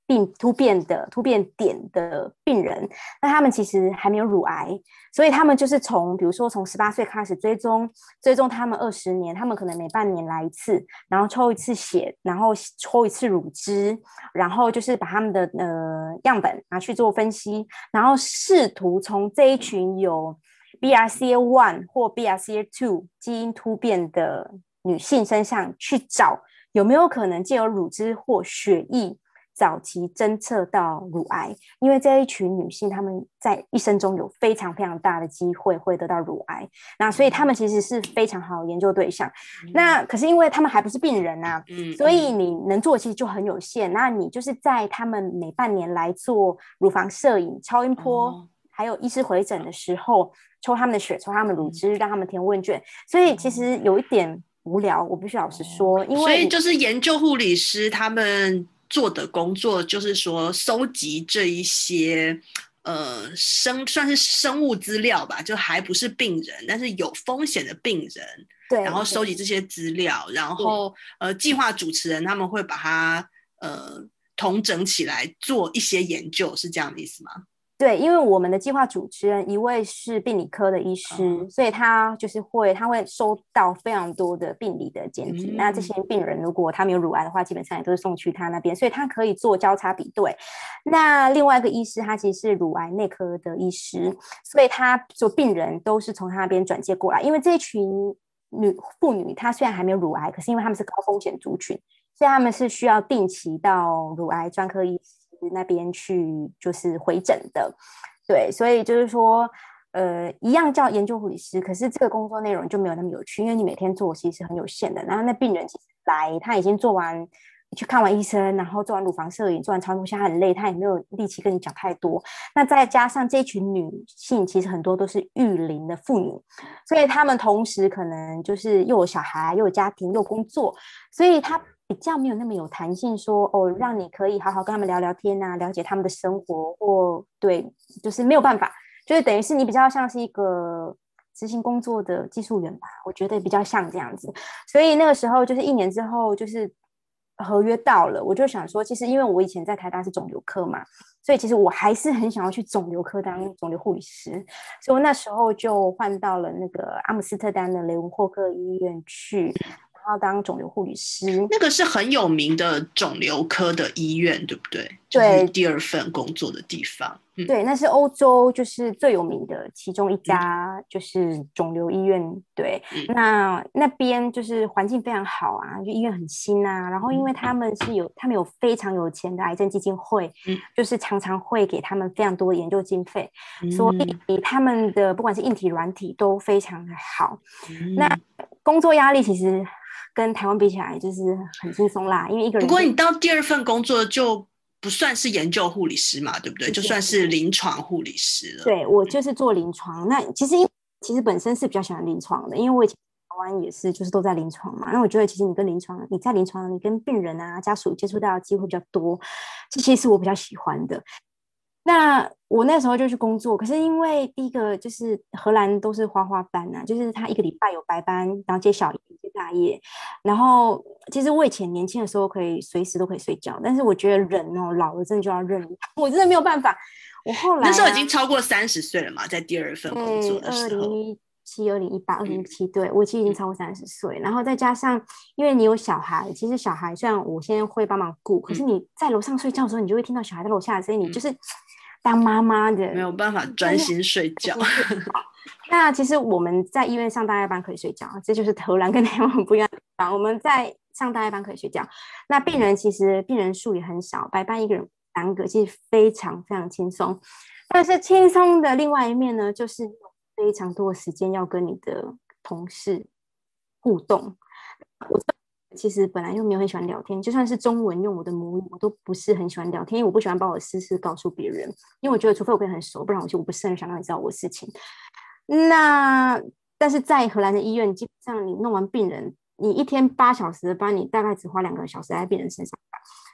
S2: 病突變的突變點的病人，那他們其實還沒有乳癌，所以他們就是從，比如說從十八歲開始追蹤，追蹤他們二十年，他們可能每半年來一次，然後抽一次血，然後抽一次乳汁，然後就是把他們的呃樣本拿去做分析，然後試圖從這一群有 BRCA one 或 BRCA two 基因突變的女性身上去找有沒有可能借由乳汁或血液，早期偵測到乳癌，因為這一群女性，她們在一生中有非常非常大的機會會得到乳癌，那所以她們其實是非常好研究對象。嗯、那可是因為她們還不是病人啊，嗯、所以你能做的其實就很有限。嗯、那你就是在她們每半年來做乳房攝影、超音波，嗯、還有醫師回診的時候抽他們的血、抽他們乳汁，嗯、讓他們填問卷，嗯、所以其實有一點無聊，我必須老實說，嗯、因為所以就是
S1: 研究護理師他們。做的工作就是說，收集這一些，呃，生算是生物資料吧，就還不是病人，但是有風險的病人，對，然後收集這些資料，然後對呃，計劃主持人他們會把它呃統整起來做一些研究，是這樣的意思嗎？
S2: 對，因為我們的計劃主持人一位是病理科的醫師，嗯、所以他就是會，他會收到非常多的病理的檢體。嗯嗯。那這些病人如果他沒有乳癌的話，基本上也都是送去他那邊，所以他可以做交叉比對。那另外一個醫師他其實是乳癌內科的醫師，所以他說病人都是從他那邊轉接過來。因為這一群女婦女，她雖然還沒有乳癌，可是因為他們是高風險族群，所以他們是需要定期到乳癌專科醫師。那邊去就是回診的，對，所以就是說，呃，一樣叫研究護理師，可是這個工作內容就沒有那麼有趣，因為你每天做其實很有限的。然後那病人來，他已經做完去看完醫生，然後做完乳房攝影、做完超聲波，下，很累，他也沒有力氣跟你講太多。那再加上這群女性，其實很多都是育齡的婦女，所以她們同時可能就是又有小孩、又有家庭、又有工作，所以她。比較沒有那麼有彈性說，說哦，讓你可以好好跟他們聊聊天吶、啊，了解他們的生活或對，就是沒有辦法，就是等於是你比較像是一個執行工作的技術員吧，我覺得比較像這樣子。所以那個時候就是一年之後，就是合約到了，我就想說，其實因為我以前在台大是腫瘤科嘛，所以其實我還是很想要去腫瘤科當腫瘤護理師，所以我那時候就換到了那個阿姆斯特丹的雷文霍克醫院去。要當腫瘤護理師，那
S1: 個是很有名的腫瘤科的醫院，對不對？對，就是第二份工作的地方，
S2: 嗯、對，那是歐洲就是最有名的其中一家就是腫瘤醫院，嗯、對，那那邊就是環境非常好啊，就醫院很新啊，然後因為他們是有、嗯、他們有非常有錢的癌症基金會，嗯，就是常常會給他們非常多的研究經費，嗯、所以他們的不管是硬體軟體都非常的好，嗯、那工作壓力其實。跟台灣比起來，就是很輕鬆啦，因為一個人。不過你
S1: 到第二份工作就不算是研究護理師嘛，對不對？就算是臨床護理師
S2: 了。嗯、對，我就是做臨床。那其實因其實本身是比較喜歡臨床的，因為我以前台灣也是，就是都在臨床嘛。那我覺得其實你跟臨床，你在臨床，你跟病人啊家屬接觸到的機會比較多，這些是我比較喜歡的。那我那時候就去工作，可是因為第一個就是荷蘭都是花花班吶、啊，就是他一個禮拜有白班，然後接小夜接大夜。然後其實我以前年輕的時候可以隨時都可以睡覺，但是我覺得人哦老了真的就要認，我真的沒有辦法。我後來、啊、那時候我已經超
S1: 過三十歲了嘛，在第二份工作的時候，二零一
S2: 七、二零一八、二零一七，對，我其實已經超過三十歲，然後再加上因為你有小孩，其實小孩雖然我現在會幫忙顧，可是你在樓上睡覺的時候，你就會聽到小孩在樓下的聲音，嗯、你就是。當媽媽的沒有辦法專心睡覺是。 那其實我們在醫院上大夜班可以睡覺，這就是荷蘭跟台灣不一樣。我們在上大夜班可以睡覺，那病人，其實病人數也很少，白班一個人兩個，其實非常非常輕鬆。但是輕鬆的另外一面呢，就是有非常多的時間要跟你的同事互動。我其實本來又沒有很喜歡聊天，就算是中文用我的母語，我都不是很喜歡聊天，因為我不喜歡把我的私事告訴別人，因為我覺得除非我跟你很熟，不然我就我不是很想讓你知道我的事情。那但是在荷蘭的醫院，基本上你弄完病人，你一天八小時的班，你大概只花兩個小時在病人身上，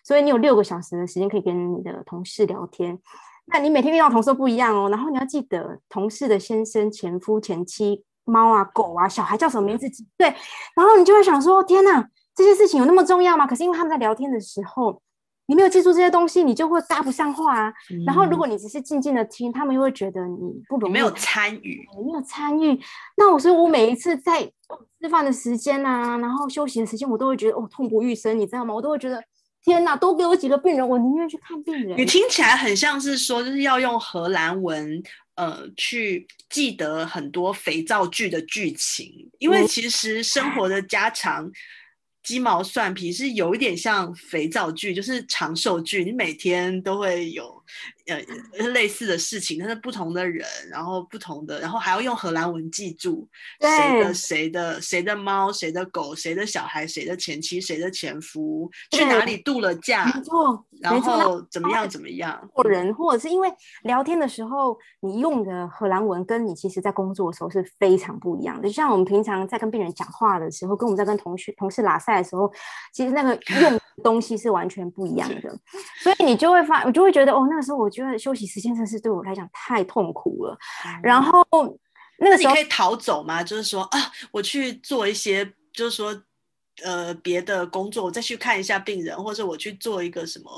S2: 所以你有六個小時的時間可以跟你的同事聊天。那你每天遇到同事都不一樣哦，然後你要記得同事的先生、前夫、前妻、貓啊、狗啊、小孩叫什麼名字，對，然後你就會想說：天哪！這些事情有那麼重要嗎？可是因為他們在聊天的時候，你沒有記住這些東西，你就會搭不上話啊。嗯、然後如果你只是靜靜的聽，他們又會覺得你不懂，沒有參與，哦、沒有參與。那所以，我每一次在吃飯的時間啊，然後休息的時間，我都會覺得哦，痛不欲生，你知道嗎？我都會覺得天哪，多給我幾個病人，我寧願去看病人。你聽起來很
S1: 像是說，就是要用荷蘭文呃去記得很多肥皂劇的劇情，因為其實生活的家常。嗯嗯雞毛蒜皮是有一點像肥皂劇，就是長壽劇，你每天都會有。呃，類似的事情，但是不同的人，然後不同的，然後還要用荷蘭文記住誰的對誰的誰的貓，誰的狗，誰的小孩，誰的前妻，誰的前夫對去哪裡度了假，沒錯然後怎麼樣怎麼樣，或
S2: 人、嗯、或者是因為聊天的時候你用的荷蘭文跟你其實在工作的時候是非常不一樣的，就像我們平常在跟病人講話的時候，跟我們在跟同學同事拉賽的時候，其實那個用。 東西是完全不一樣的，是所以你就會發，我就會覺得哦，那個時候我覺得休息時間真的是對我來講太痛苦了。然後那個時候你可以
S1: 逃走嗎？就是說啊，我去做一些，就是說呃別的工作，我再去看一下病人，或者我去做一個什麼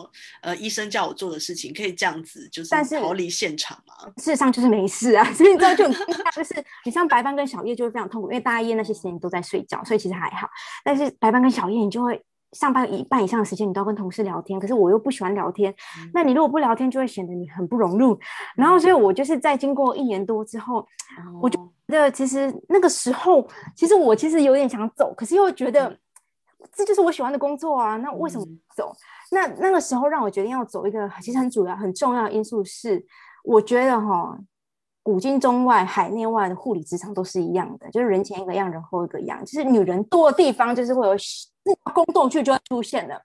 S1: 呃醫生叫我做的事情，可以這樣
S2: 子就是逃離現場嗎？事實上就是沒事啊，所以你知道就很就是 你像白班跟小夜就會非常痛苦，因為大夜那些時間都在睡覺，所以其實還好。但是白班跟小夜你就會。上班一半以上的時間，你都要跟同事聊天，可是我又不喜歡聊天。嗯、那你如果不聊天，就會顯得你很不融入。嗯、然後，所以我就是在經過一年多之後，嗯、我就覺得其實那個時候，其實我其實有點想走，可是又覺得、嗯、這就是我喜歡的工作啊。那為什麼走？嗯、那那個時候讓我決定要走一個，其實很主要、很重要的因素是，我覺得哈、哦，古今中外、海內外的護理職場都是一樣的，就是人前一個樣，人後一個樣。就是女人多的地方，就是會有。那宮鬥劇就會出現了，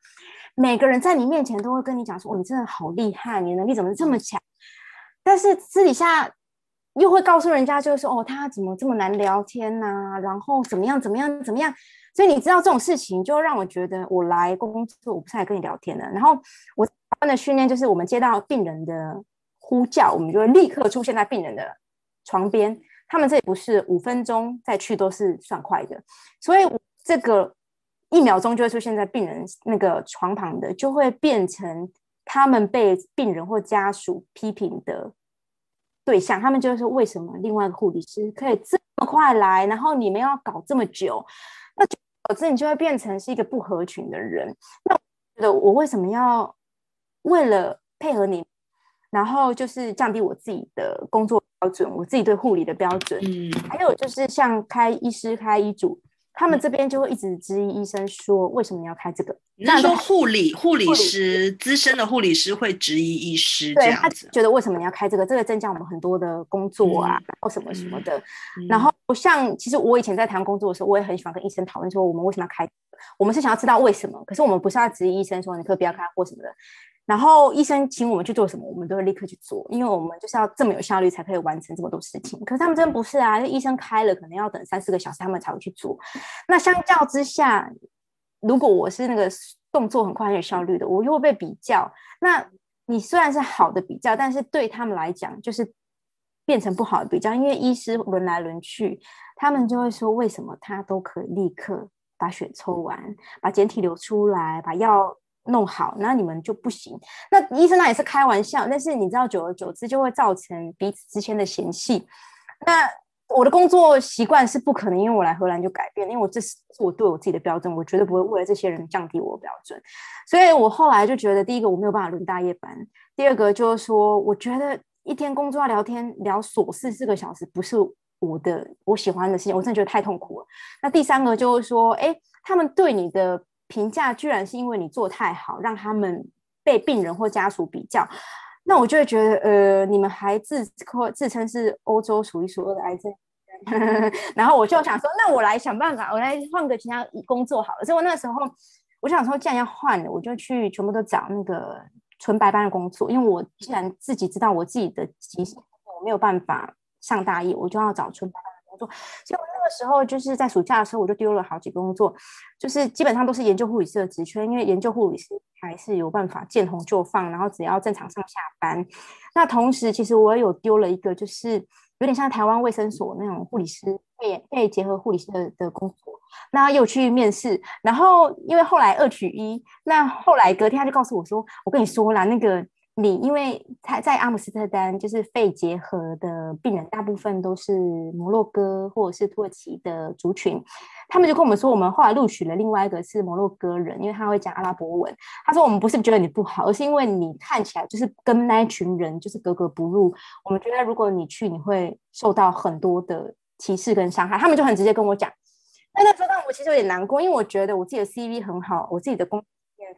S2: 每個人在你面前都會跟你講說：“哦，你真的好厲害，你能力怎麼這麼強？”但是私底下又會告訴人家，就是說：“哦，他怎麼這麼難聊天吶、啊，然後怎麼樣，怎麼樣，怎麼樣？”所以你知道這種事情，就讓我覺得我來工作，我不是來跟你聊天的。然後我他們的訓練就是，我們接到病人的呼叫，我們就會立刻出現在病人的床邊。他們這也不是五分鐘再去都是算快的，所以我這個。一秒鐘就會出現在病人那個床旁的，就會變成他們被病人或家屬批評的對象。他們就會說：“為什麼另外一個護理師可以這麼快來，然後你們要搞這麼久？”那久之，你就會變成是一個不合群的人。那我覺得，我為什麼要為了配合你，然後就是降低我自己的工作標準，我自己對護理的標準？還有就是像開醫師、開醫囑。他們這邊就會一直質疑醫生說，為什麼你要開這個？那說護理護理師
S1: 資深的護理師會質疑醫師，這樣
S2: 子覺得為什麼你要開這個？這個增加我們很多的工作啊，或、嗯、什麼什麼的。嗯、然後像其實我以前在台灣工作的時候，我也很喜歡跟醫生討論說，我們為什麼要開、這個？我們是想要知道為什麼，可是我們不是要質疑醫生說你可不要開或什麼的。然後醫生請我們去做什麼，我們都會立刻去做，因為我們就是要這麼有效率，才可以完成這麼多事情。可是他們真不是啊，因為醫生開了，可能要等三四個小時，他們才會去做。那相較之下，如果我是那個動作很快、很有效率的，我又會被比較。那你雖然是好的比較，但是對他們來講，就是變成不好的比較，因為醫師輪來輪去，他們就會說，為什麼他都可以立刻把血抽完，把檢體流出來，把藥弄好，那你們就不行。那醫生那也是開玩笑，但是你知道，久而久之就會造成彼此之間的嫌隙。那我的工作習慣是不可能，因為我來荷蘭就改變，因為我這是我對我自己的標準，我絕對不會為了這些人降低我的標準。所以我後來就覺得，第一個我沒有辦法輪大夜班，第二個就是說，我覺得一天工作要聊天聊瑣事四個小時，不是我的我喜歡的事情，我真的覺得太痛苦了。那第三個就是說，哎、欸，他們對你的。評價居然是因為你做太好，讓他們被病人或家屬比較，那我就會覺得，呃，你們還自或自稱是歐洲數一數二的癌症 然後我就想說，那我來想辦法，我來換個其他工作好了。所以我那時候，我想說，既然要換了，我就去全部都找那個純白班的工作，因為我既然自己知道我自己的極限，我沒有辦法上大夜，我就要找純白班工作，所以我那個時候就是在暑假的時候，我就丟了好幾個工作，就是基本上都是研究護理師的職缺，因為研究護理師還是有辦法見紅就放，然後只要正常上下班。那同時，其實我也有丟了一個，就是有點像台灣衛生所那種護理師，也可以結合護理師的的工作，那又去面試，然後因為後來二取一，那後來隔天他就告訴我說：“我跟你說啦，那個。”你因為他在阿姆斯特丹，就是肺結核的病人，大部分都是摩洛哥或者是土耳其的族群，他們就跟我們說，我們後來錄取了另外一個是摩洛哥人，因為他會講阿拉伯文。他說我們不是覺得你不好，而是因為你看起來就是跟那群人就是格格不入。我們覺得如果你去，你會受到很多的歧視跟傷害。他們就很直接跟我講。那那時候讓我其實有點難過，因為我覺得我自己的 CV 很好，我自己的工。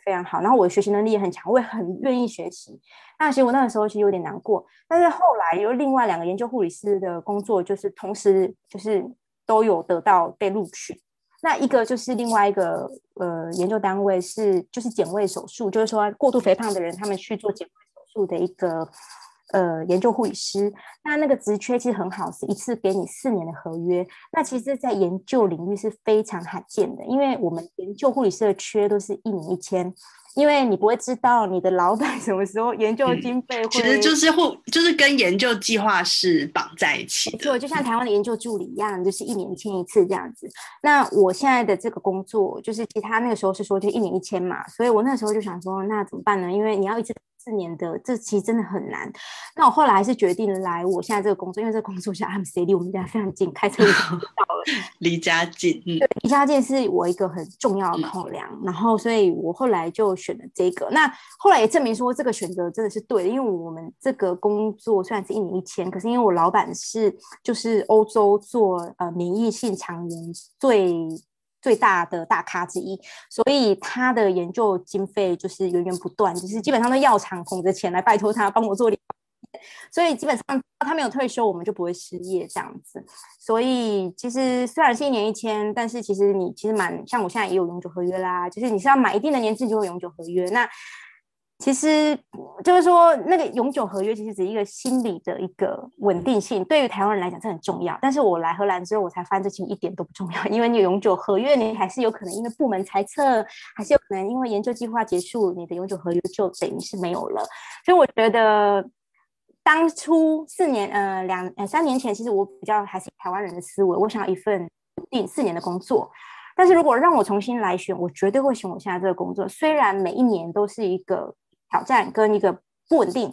S2: 非常好，然後我的學習能力也很強，我也很願意學習。那其實我那個時候其實有點難過，但是後來有另外兩個研究護理師的工作，就是同時就是都有得到被錄取。那一個就是另外一個呃研究單位是就是減胃手術，就是說過度肥胖的人他們去做減胃手術的一個。呃，研究護理師，那那個職缺其實很好，是一次給你四年的合約。那其實，在研究領域是非常罕見的，因為我們研究護理師的缺都是一年一簽，因為你不會知道你的老闆什麼時候研究經費會、嗯。其實就是
S1: 護，就是跟研究計劃是綁
S2: 在一起。嗯、對，就像台灣的研究助理一樣，就是一年簽一,一次這樣子。那我現在的這個工作，就是其他那個時候是說就是一年一簽嘛，所以我那時候就想說，那怎麼辦呢？因為你要一直。四年的這，其實真的很難。那我後來還是決定來我現在這個工作，因為這個工作像 m c 離我們家非常近，開車就到
S1: 了。 離家近，
S2: 嗯、對，離家近是我一個很重要的考量。嗯、然後，所以我後來就選了這個。那後來也證明說這個選擇真的是對的，因為我們這個工作雖然是一年一簽，可是因為我老闆是就是歐洲做呃免疫性腸炎最。最大的大咖之一，所以他的研究經費就是源源不斷，就是基本上都藥廠捧着錢來拜托他幫我做。所以基本上他沒有退休，我們就不會失業這樣子。所以其實雖然是一年一簽，但是其實你其實蠻像我現在也有永久合約啦，就是你是要買一定的年資就會永久合約那。其實就是說，那個永久合約其實只是一個心理的一個穩定性，對於台灣人來講，這很重要。但是我來荷蘭之後，我才發現這其實一點都不重要，因為你有永久合約，你還是有可能因為部門裁撤，還是有可能因為研究計劃結束，你的永久合約就等於是沒有了。所以我覺得，當初四年，呃，兩呃三年前，其實我比較還是台灣人的思維，我想要一份定四年的工作。但是如果讓我重新來選，我絕對會選我現在這個工作，雖然每一年都是一個。挑戰跟一個不穩定，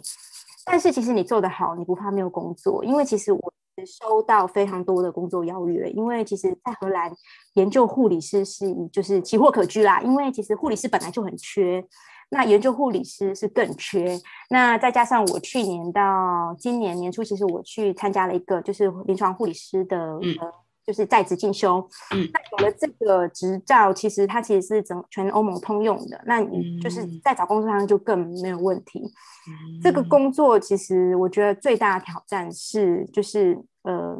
S2: 但是其實你做得好，你不怕沒有工作，因為其實我其實收到非常多的工作邀約。因為其實，在荷蘭研究護理師是就是奇貨可居啦，因為其實護理師本來就很缺，那研究護理師是更缺。那再加上我去年到今年年初，其實我去參加了一個就是臨床護理師的、呃嗯。就是在職進修，嗯，那有了這個執照，其實它其實是整全歐盟通用的。那你就是在找工作上就更沒有問題。這個工作其實我覺得最大的挑戰是，就是呃。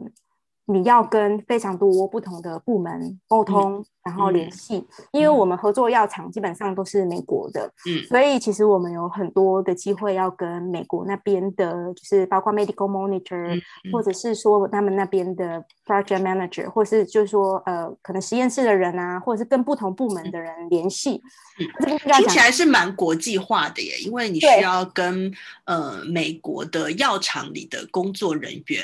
S2: 你要跟非常多不同的部門溝通，嗯、然後聯繫，嗯、因為我們合作藥廠基本上都是美國的，嗯，所以其實我們有很多的機會要跟美國那邊的，就是包括 medical monitor，嗯嗯、或者是說他們那邊的 project manager，或是就是說呃，可能實驗室的人啊，或者是跟不同部門的人聯繫。嗯、聽起來是蠻
S1: 國際化的耶，因為你需要跟對呃美國的藥廠裡的工作人員。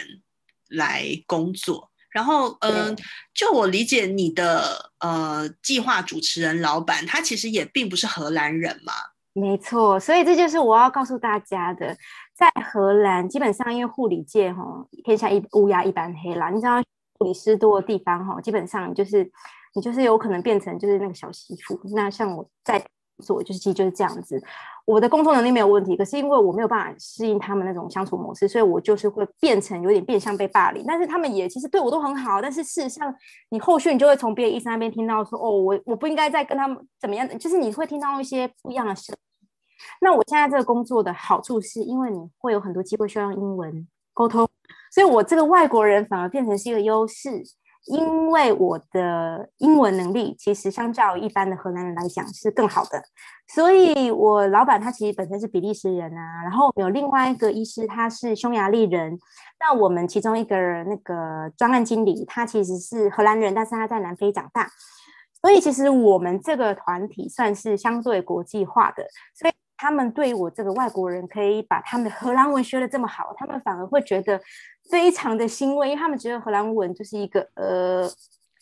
S1: 來工作，然後，嗯，對就我理解你的，呃，計劃主持人老板，他其實也並不是荷蘭人嘛。
S2: 沒錯，所以這就是我要告訴大家的，在荷蘭基本上，因為護理界哈，天下一烏鴉一般黑啦。你知道，護理師多的地方哈，基本上就是你就是有可能變成就是那個小媳婦。那像我在。所以就是其實就是這樣子，我的工作能力沒有問題，可是因為我沒有辦法適應他們那種相處模式，所以我就是會變成有點變相被霸凌。但是他們也其實對我都很好，但是事實上，你後續你就會從別的醫生那邊聽到說，哦，我我不應該再跟他們怎麼樣的，就是你會聽到一些不一樣的聲音。那我現在這個工作的好處是，因為你會有很多機會需要用英文溝通，所以我這個外國人反而變成是一個優勢。因為我的英文能力其實相較一般的荷蘭人來講是更好的，所以我老板他其實本身是比利時人啊，然後有另外一個醫師他是匈牙利人，那我們其中一個那個專案經理他其實是荷蘭人，但是他在南非長大，所以其實我們這個團體算是相對國際化的，所以他們對我這個外國人可以把他們的荷蘭文學得這麼好，他們反而會覺得。非常的欣慰，因為他們覺得荷蘭文就是一個呃，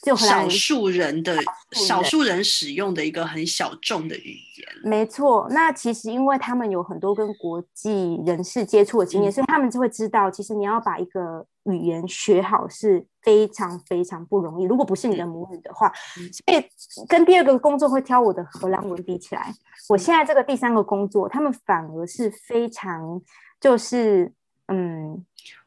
S2: 就很少數
S1: 人的少數人使用的一個很小眾的語
S2: 言。沒錯，那其實因為他們有很多跟國際人士接觸的經驗，嗯，所以他們就會知道，其實你要把一個語言學好是非常非常不容易，如果不是你的母語的話，嗯，所以跟第二個工作會挑我的荷蘭文比起來，我現在這個第三個工作，他們反而是非常就是。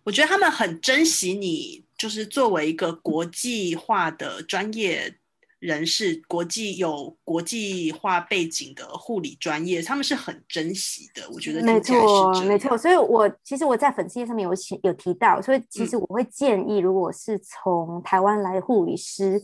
S1: 我覺得他們很珍惜你，就是作為一個國際化的專業人士，國際有國際化背景的護理專業，他們是很珍惜的。我覺得沒錯，沒
S2: 錯。所以我，我其實我在粉絲頁上面有有提到，所以其實我會建議，如果是從台灣來護理師。嗯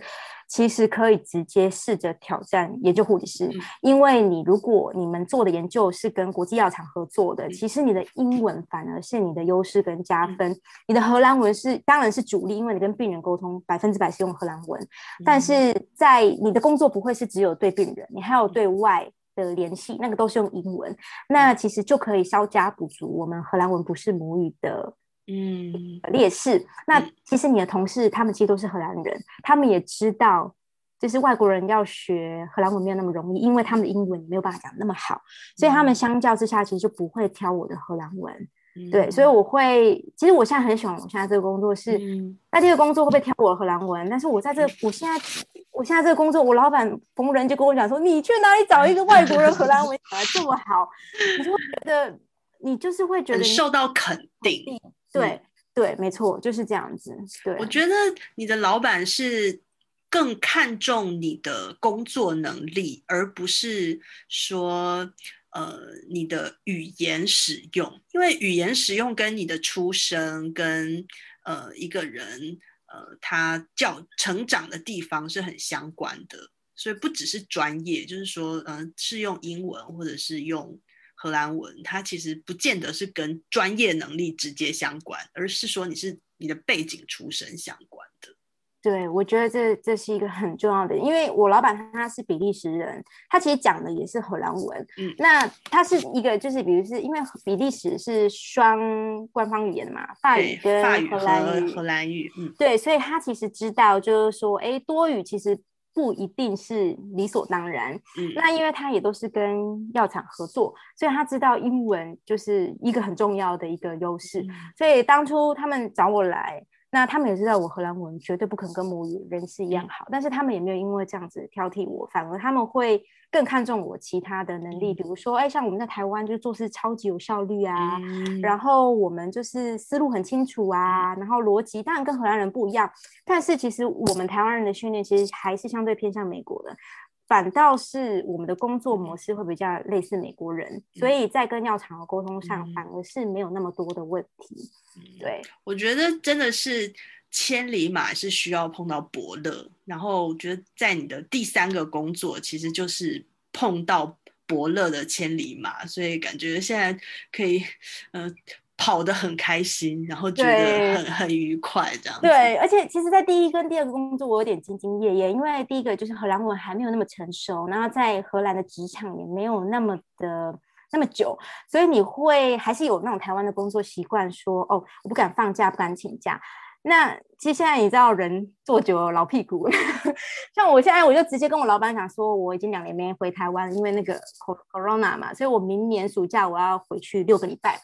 S2: 其實可以直接試着挑戰研究護理師，因為你如果你們做的研究是跟國際藥廠合作的，其實你的英文反而是你的優勢跟加分。你的荷蘭文是當然是主力，因為你跟病人溝通百分之百是用荷蘭文，但是在你的工作不會是只有對病人，你還有對外的聯繫，那個都是用英文。那其實就可以稍加補足我們荷蘭文不是母語的。嗯，劣勢。那其實你的同事他們其實都是荷蘭人，嗯、他們也知道，就是外國人要學荷蘭文沒有那麼容易，因為他們的英文沒有辦法講那麼好，所以他們相較之下其實就不會挑我的荷蘭文。嗯、對，所以我會，其實我現在很喜歡我現在這個工作是，是、嗯、那這個工作會不會挑我的荷蘭文？但是我在這個，我現在我現在這個工作，我老板逢人就跟我講說：“你去哪裡找一個外國人荷蘭文講、啊、的 這麼好？”你就會覺得，你就是會覺得受到肯定。 對對，沒錯，就是這樣子。對，我覺得你的老
S1: 闆是更看重你的工作能力，而不是說呃，你的語言使用，因為語言使用跟你的出生跟呃一個人呃他叫成長的地方是很相關的，所以不只是專業，就是說嗯、呃，是用英文或者是用。荷蘭文，它其實不見得是跟專業能力直接相關，而是說你是你的背景出身相關的。
S2: 對，我覺得這這是一個很重要的，因為我老闆他是比利時人，他其實講的也是荷蘭文。嗯，那他是一個就是，比如是因為比利時是雙官方語言嘛，法語跟荷蘭語。荷蘭語，嗯，對，所以他其實知道就是說，誒，多語其實。不一定是理所當然，那因為他也都是跟藥廠合作，所以他知道英文就是一個很重要的一個優勢，所以當初他們找我來。那他們也知道我荷蘭文絕對不可能跟母語人士一樣好，嗯、但是他們也沒有因為這樣子挑剔我，反而他們會更看重我其他的能力，嗯、比如說，哎、欸，像我們在台灣就做事超級有效率啊，嗯、然後我們就是思路很清楚啊，嗯、然後邏輯當然跟荷蘭人不一樣，但是其實我們台灣人的訓練其實還是相對偏向美國的。反倒是我們的工作模式會比較類似美國人，嗯、所以在跟藥廠的溝通上反而是沒有那麼多的問題。嗯、
S1: 對，我覺得真的是千里馬是需要碰到伯樂，然後我覺得在你的第三個工作其實就是碰到伯樂的千里馬，所以感覺現在可以，嗯、呃。跑得很開心，然後
S2: 覺得很對很愉快，這樣對。而且其實，在第一跟第二個工作，我有點兢兢業業，因為第一個就是荷蘭文還沒有那麼成熟，然後在荷蘭的職場也沒有那麼的那麼久，所以你會還是有那種台灣的工作習慣說，說哦，我不敢放假，不敢請假。那其實現在你知道，人坐久了老屁股， 像我現在我就直接跟我老闆講說，我已經兩年沒回台灣，因為那個 corona 嘛，所以我明年暑假我要回去六個禮拜。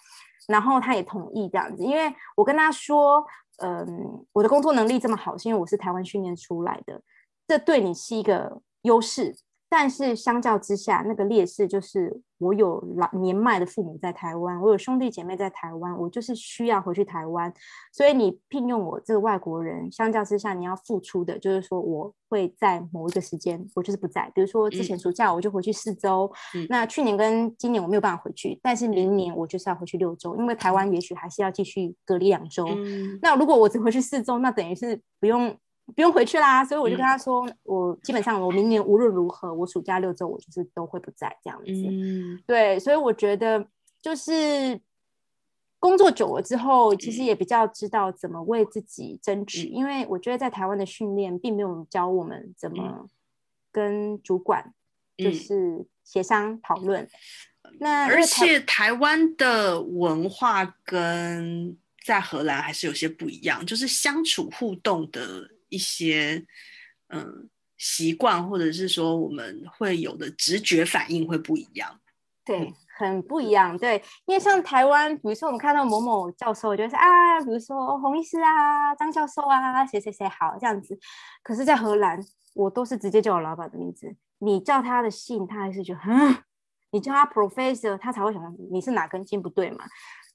S2: 然後他也同意這樣子，因為我跟他說，嗯，我的工作能力這麼好，是因為我是台灣訓練出來的，這對你是一個優勢。但是相較之下，那個劣勢就是我有老年邁的父母在台灣，我有兄弟姐妹在台灣，我就是需要回去台灣。所以你聘用我這個外國人，相較之下，你要付出的就是說我會在某一個時間我就是不在，比如說之前暑假我就回去四周，嗯、那去年跟今年我沒有辦法回去，嗯、但是明年我就是要回去六周，因為台灣也許還是要繼續隔離兩周。嗯、那如果我只回去四周，那等於是不用。不用回去啦，所以我就跟他說，嗯、我基本上我明年無論如何，我暑假六周我就是都會不在這樣子。嗯，對，所以我覺得就是工作久了之後，其實也比較知道怎麼為自己爭取，嗯、因為我覺得在台灣的訓練並沒有教我們怎麼跟主管就是協商討論。那、嗯嗯、而且
S1: 台灣的文化跟在荷蘭還是有些不一樣，就是相處互動的。一些嗯，習慣，或者是說我們會有的直覺反應會不一樣，
S2: 對，很不一樣，嗯、對，因為像台灣，比如說我們看到某某教授，就會說啊，比如說洪醫師啊、張教授啊、誰誰誰好這樣子。可是，在荷蘭，我都是直接叫我老板的名字，你叫他的姓，他還是覺得哼，你叫他 professor，他才會想到你是哪根筋不對嘛。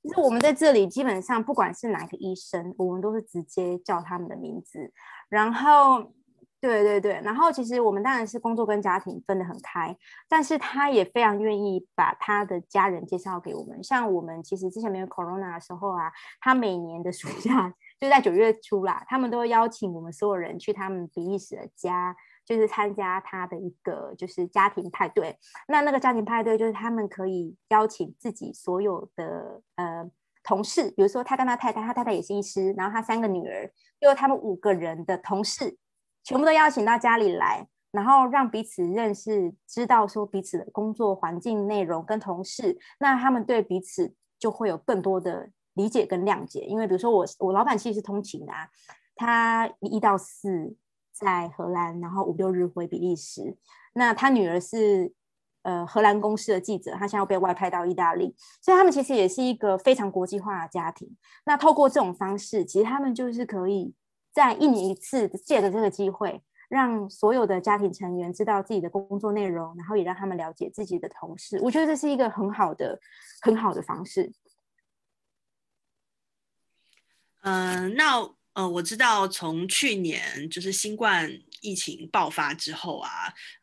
S2: 其實我們在這裡基本上，不管是哪個醫生，我們都是直接叫他們的名字。然後，對對對，然後其實我們當然是工作跟家庭分得很開，但是他也非常願意把他的家人介紹給我們。像我們其實之前沒有 corona 的時候啊，他每年的暑假就在九月初啦，他們都邀請我們所有人去他們比利時的家，就是參加他的一個就是家庭派對。那那個家庭派對就是他們可以邀請自己所有的呃。同事，比如說他跟他太太，他太太也是醫師，然後他三個女兒，就他們五個人的同事，全部都邀請到家裡來，然後讓彼此認識，知道說彼此的工作環境、內容跟同事，那他們對彼此就會有更多的理解跟諒解。因為比如說我我老闆其實是通勤的啊，他一到四在荷蘭，然後五六日回比利時，那他女兒是。呃，荷蘭公司的記者，他現在被外派到意大利，所以他們其實也是一個非常國際化的家庭。那透過這種方式，其實他們就是可以在一年一次借著這個機會，讓所有的家庭成員知道自己的工作內容，然後也讓他們了解自己的同事。我覺得這是一個很好的、很好的方式。
S1: 嗯、呃，那呃，我知道從去年就是新冠疫情爆發之後啊，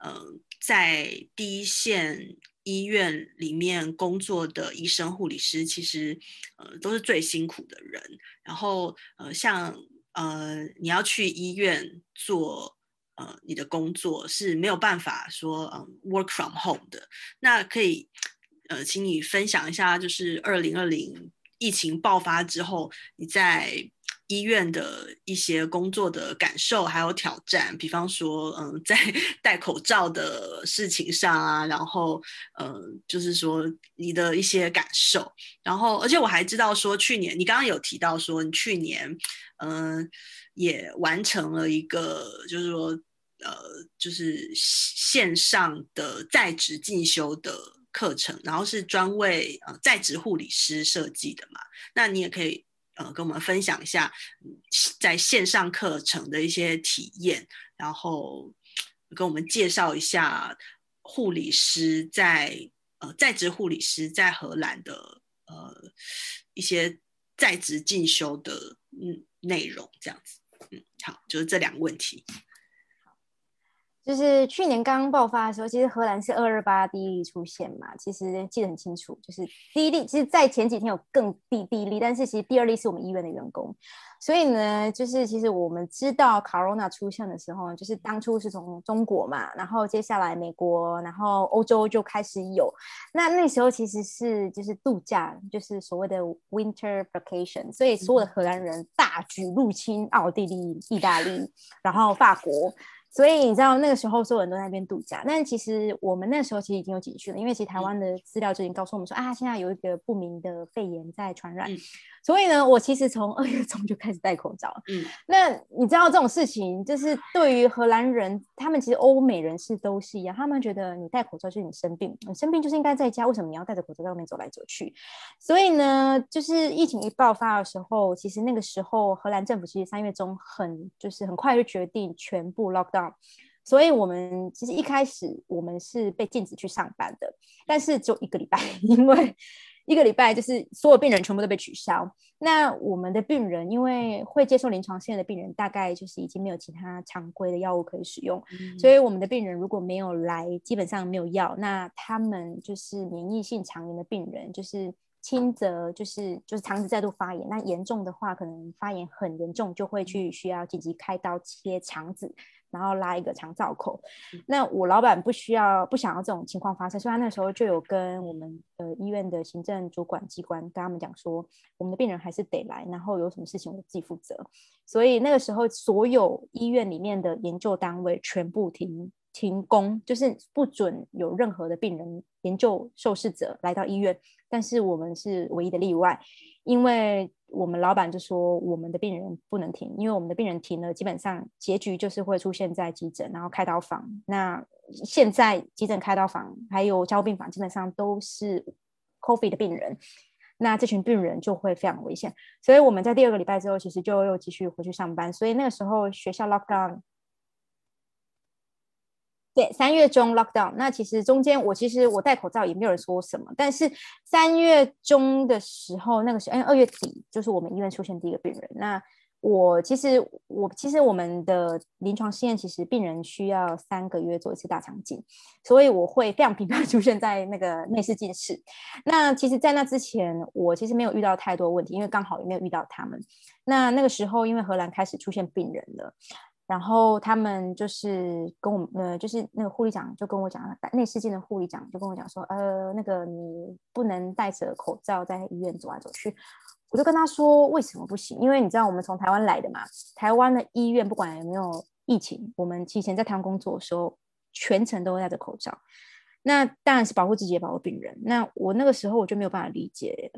S1: 嗯、呃。在第一線醫院裡面工作的醫生、護理師，其實呃都是最辛苦的人。然後呃，像呃你要去醫院做呃你的工作是沒有辦法說、呃、work from home 的。那可以呃請你分享一下，就是二零二零疫情爆發之後你在。醫院的一些工作的感受，還有挑戰，比方說，嗯、呃，在戴口罩的事情上啊，然後，嗯、呃、就是說你的一些感受，然後，而且我還知道說，去年你剛剛有提到說，你去年，嗯、呃，也完成了一個，就是說，呃，就是線上的在職進修的課程，然後是專為呃在職護理師設計的嘛，那你也可以。呃，跟我們分享一下在線上課程的一些體驗，然後跟我們介紹一下護理師在呃在職護理師在荷蘭的呃一些在職進修的嗯內容，這樣子，嗯，好，就是這兩個問題。
S2: 就是去年剛剛爆發的時候，其實荷蘭是二二八第一例出現嘛，其實記得很清楚。就是第一例，其實在前幾天有更低第一例，但是其實第二例是我們醫院的員工。所以呢，就是其實我們知道 Corona 出現的時候，就是當初是從中國嘛，然後接下來美國，然後歐洲就開始有。那那時候其實是就是度假，就是所謂的 winter vacation，所以所有的荷蘭人大舉入侵奧地利、意大利，然後法國。所以你知道那個時候所有人都在那邊度假，但其實我們那時候其實已經有警訊了，因為其實台灣的資料就已經告訴我們說、嗯、啊，現在有一個不明的肺炎在傳染。嗯、所以呢，我其實從二月中就開始戴口罩。嗯，那你知道這種事情，就是對於荷蘭人，他們其實歐美人士都是一樣，他們覺得你戴口罩就是你生病，你生病就是應該在家，為什麼你要戴着口罩在外面走來走去？所以呢，就是疫情一爆發的時候，其實那個時候荷蘭政府其實三月中很就是很快就決定全部 lock down。所以，我們其實一開始我們是被禁止去上班的，但是只有一個禮拜，因為一個禮拜就是所有病人全部都被取消。那我們的病人因為會接受臨床試驗的病人，大概就是已經沒有其他常規的藥物可以使用，嗯、所以我們的病人如果沒有來，基本上沒有藥。那他們就是免疫性腸炎的病人，就是輕則就是就是腸子再度發炎，那嚴重的話可能發炎很嚴重，就會去需要緊急開刀切腸子。然後拉一個長照口，那我老闆不需要不想要這種情況發生，所以他那時候就有跟我們呃醫院的行政主管機關跟他們講說，我們的病人還是得來，然後有什麼事情我自己負責。所以那個時候，所有醫院裡面的研究單位全部停停工，就是不准有任何的病人研究受試者來到醫院。但是我們是唯一的例外，因為我們老闆就說我們的病人不能停，因為我們的病人停了，基本上結局就是會出現在急診，然後開刀房。那現在急診開刀房還有加護病房，基本上都是 COVID 的病人，那這群病人就會非常危險。所以我們在第二個禮拜之後，其實就又繼續回去上班。所以那個時候學校 lock down。對，三月中 lockdown，那其實中間我其實我戴口罩也沒有說什麼，但是三月中的時候，那個時候，因為二月底就是我們醫院出現第一個病人，那我其實我其實我們的臨床試驗，其實病人需要三個月做一次大腸鏡，所以我會非常頻繁出現在那個內視鏡室。那其實，在那之前，我其實沒有遇到太多問題，因為剛好也沒有遇到他們。那那個時候，因為荷蘭開始出現病人了。然後他們就是跟我，呃，就是那個護理長就跟我講了，內視鏡的護理長就跟我講說，呃，那個你不能戴着口罩在醫院走來走去。我就跟他說為什麼不行？因為你知道我們從台灣來的嘛，台灣的醫院不管有沒有疫情，我們以前在台灣工作的時候，全程都會戴着口罩。那當然是保護自己，也保護病人。那我那個時候我就沒有辦法理解。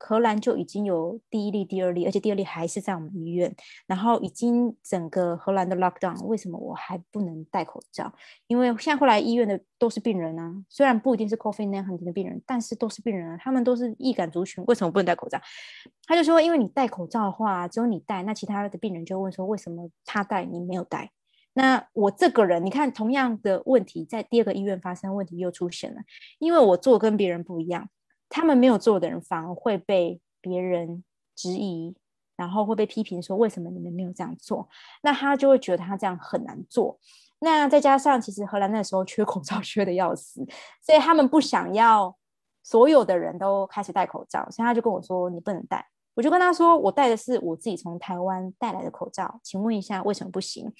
S2: 荷蘭就已經有第一例、第二例，而且第二例還是在我們醫院。然後已經整個荷蘭都 lockdown，為什麼我還不能戴口罩？因為現在後來醫院的都是病人啊，雖然不一定是 COVID-19 的病人，但是都是病人啊，他們都是易感族群。為什麼不能戴口罩？他就說，因為你戴口罩的話，只有你戴，那其他的病人就問說，為什麼他戴你沒有戴？那我這個人，你看同樣的問題，在第二個醫院發生問題又出現了，因為我做跟別人不一樣。他們沒有做的人，反而會被別人質疑，然後會被批評說：“為什麼你們沒有這樣做？”那他就會覺得他這樣很難做。那再加上，其實荷蘭那時候缺口罩缺的要死，所以他們不想要所有的人都開始戴口罩，所以他就跟我說：“你不能戴。”我就跟他說：“我戴的是我自己從台灣帶來的口罩，請問一下為什麼不行？”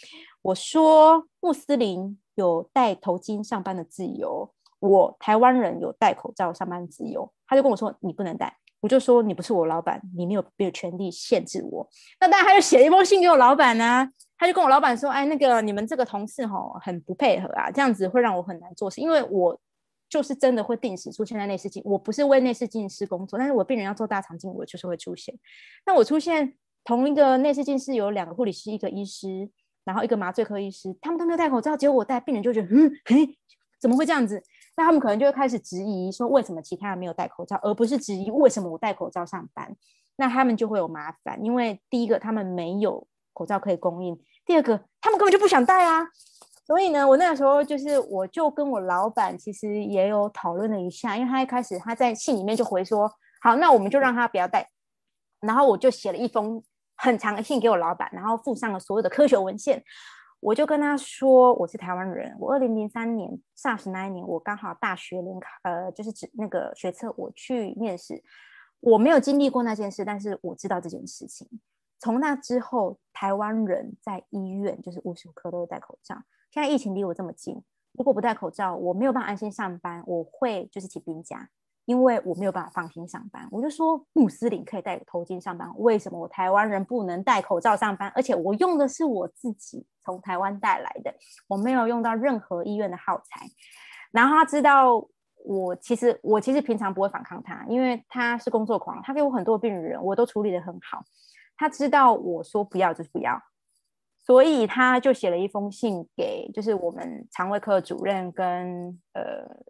S2: 我說：“穆斯林有戴頭巾上班的自由。”我臺灣人有戴口罩上班自由，他就跟我說，你不能戴，我就說，你不是我老闆，你沒有沒有權利限制我。那當然他就寫一封信給我老闆呢、啊，他就跟我老闆說，哎，那個你們這個同事齁很不配合啊，這樣子會讓我很難做事，因為我就是真的會定時出現在內視鏡，我不是為內視鏡師工作，但是我病人要做大腸鏡，我就是會出現。那我出現同一個內視鏡室有兩個護理師，一個醫師，然後一個麻醉科醫師，他們都沒有戴口罩，結果我戴，病人就覺得嗯，嘿、嗯、怎麼會這樣子？那他們可能就會開始質疑說，為什麼其他人沒有戴口罩，而不是質疑為什麼我戴口罩上班？那他們就會有麻煩，因為第一個他們沒有口罩可以供應，第二個他們根本就不想戴啊。所以呢，我那個時候就是我就跟我老闆其實也有討論了一下，因為他一開始他在信裡面就回說，好，那我們就讓他不要戴。然後我就寫了一封很長的信給我老闆，然後附上了所有的科學文獻。我就跟他說，我是台灣人。我二零零三年 SARS 那一年，年我剛好大學聯考，呃，就是指那個學測，我去面試，我沒有經歷過那件事，但是我知道這件事情。從那之後，台灣人在醫院就是無時無刻都會戴口罩。現在疫情離我這麼近，如果不戴口罩，我沒有辦法安心上班，我會就是請病假。因為我沒有辦法放心上班，我就說，穆斯林可以戴個頭巾上班，為什麼我臺灣人不能戴口罩上班？而且我用的是我自己從臺灣帶來的，我沒有用到任何醫院的耗材。然後他知道我其實我其實平常不會反抗他，因為他是工作狂，他給我很多病人，我都處理得很好。他知道我說不要就是不要，所以他就寫了一封信給就是我們腸胃科主任跟呃。